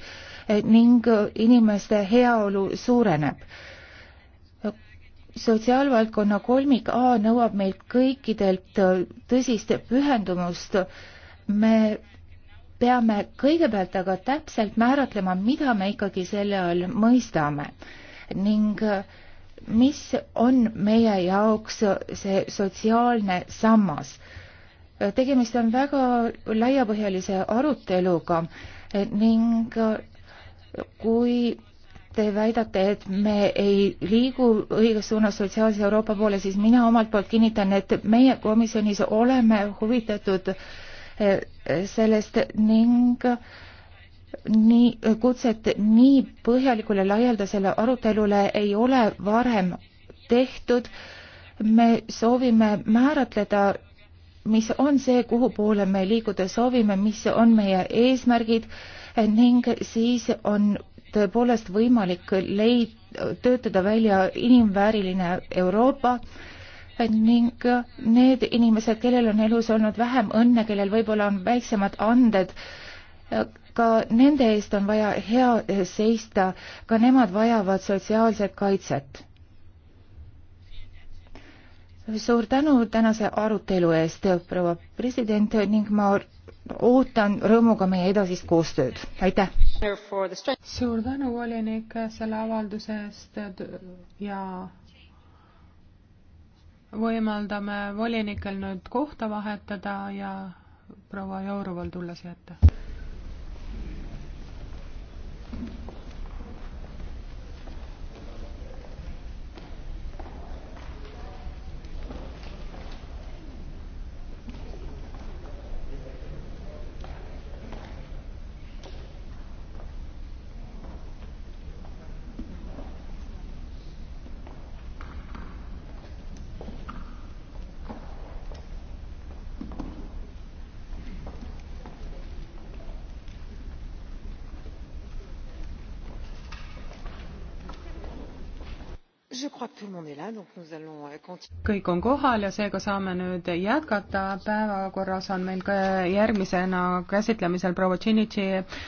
ning inimeste heaolu suureneb sotsiaalvaldkonna kolmik A nõuab meilt kõikidelt äh, tõsist pühendumust. me peame kõigepealt aga täpselt määratlema, mida me ikkagi selle all mõistame ning äh, mis on meie jaoks see sotsiaalne sammas. Äh, tegemist on väga laiapõhjalise aruteluga ning kui te väidate, et me ei liigu õiges suunas sotsiaalse Euroopa poole, siis mina omalt poolt kinnitan, et meie komisjonis oleme huvitatud eh, sellest ning nii kutset nii põhjalikule laialdasele arutelule ei ole varem tehtud. me soovime määratleda, mis on see, kuhu poole me liikuda soovime, mis on meie eesmärgid eh, ning siis on tõepoolest võimalik leid-, töötada välja inimvääriline Euroopa ning need inimesed, kellel on elus olnud vähem õnne, kellel võib-olla on väiksemad anded, ka nende eest on vaja hea seista, ka nemad vajavad sotsiaalset kaitset. suur tänu tänase arutelu eest, proua president ning ma ootan rõõmuga meie edasist koostööd, aitäh! suur tänu, volinik, selle avalduse eest ja võimaldame volinikel nüüd kohta vahetada ja proua Jouroval tulla siia ette. Euh, kõik on kohal ja seega saame nüüd jätkata. päevakorras on meil ka järgmisena käsitlemisel proua Tšinitši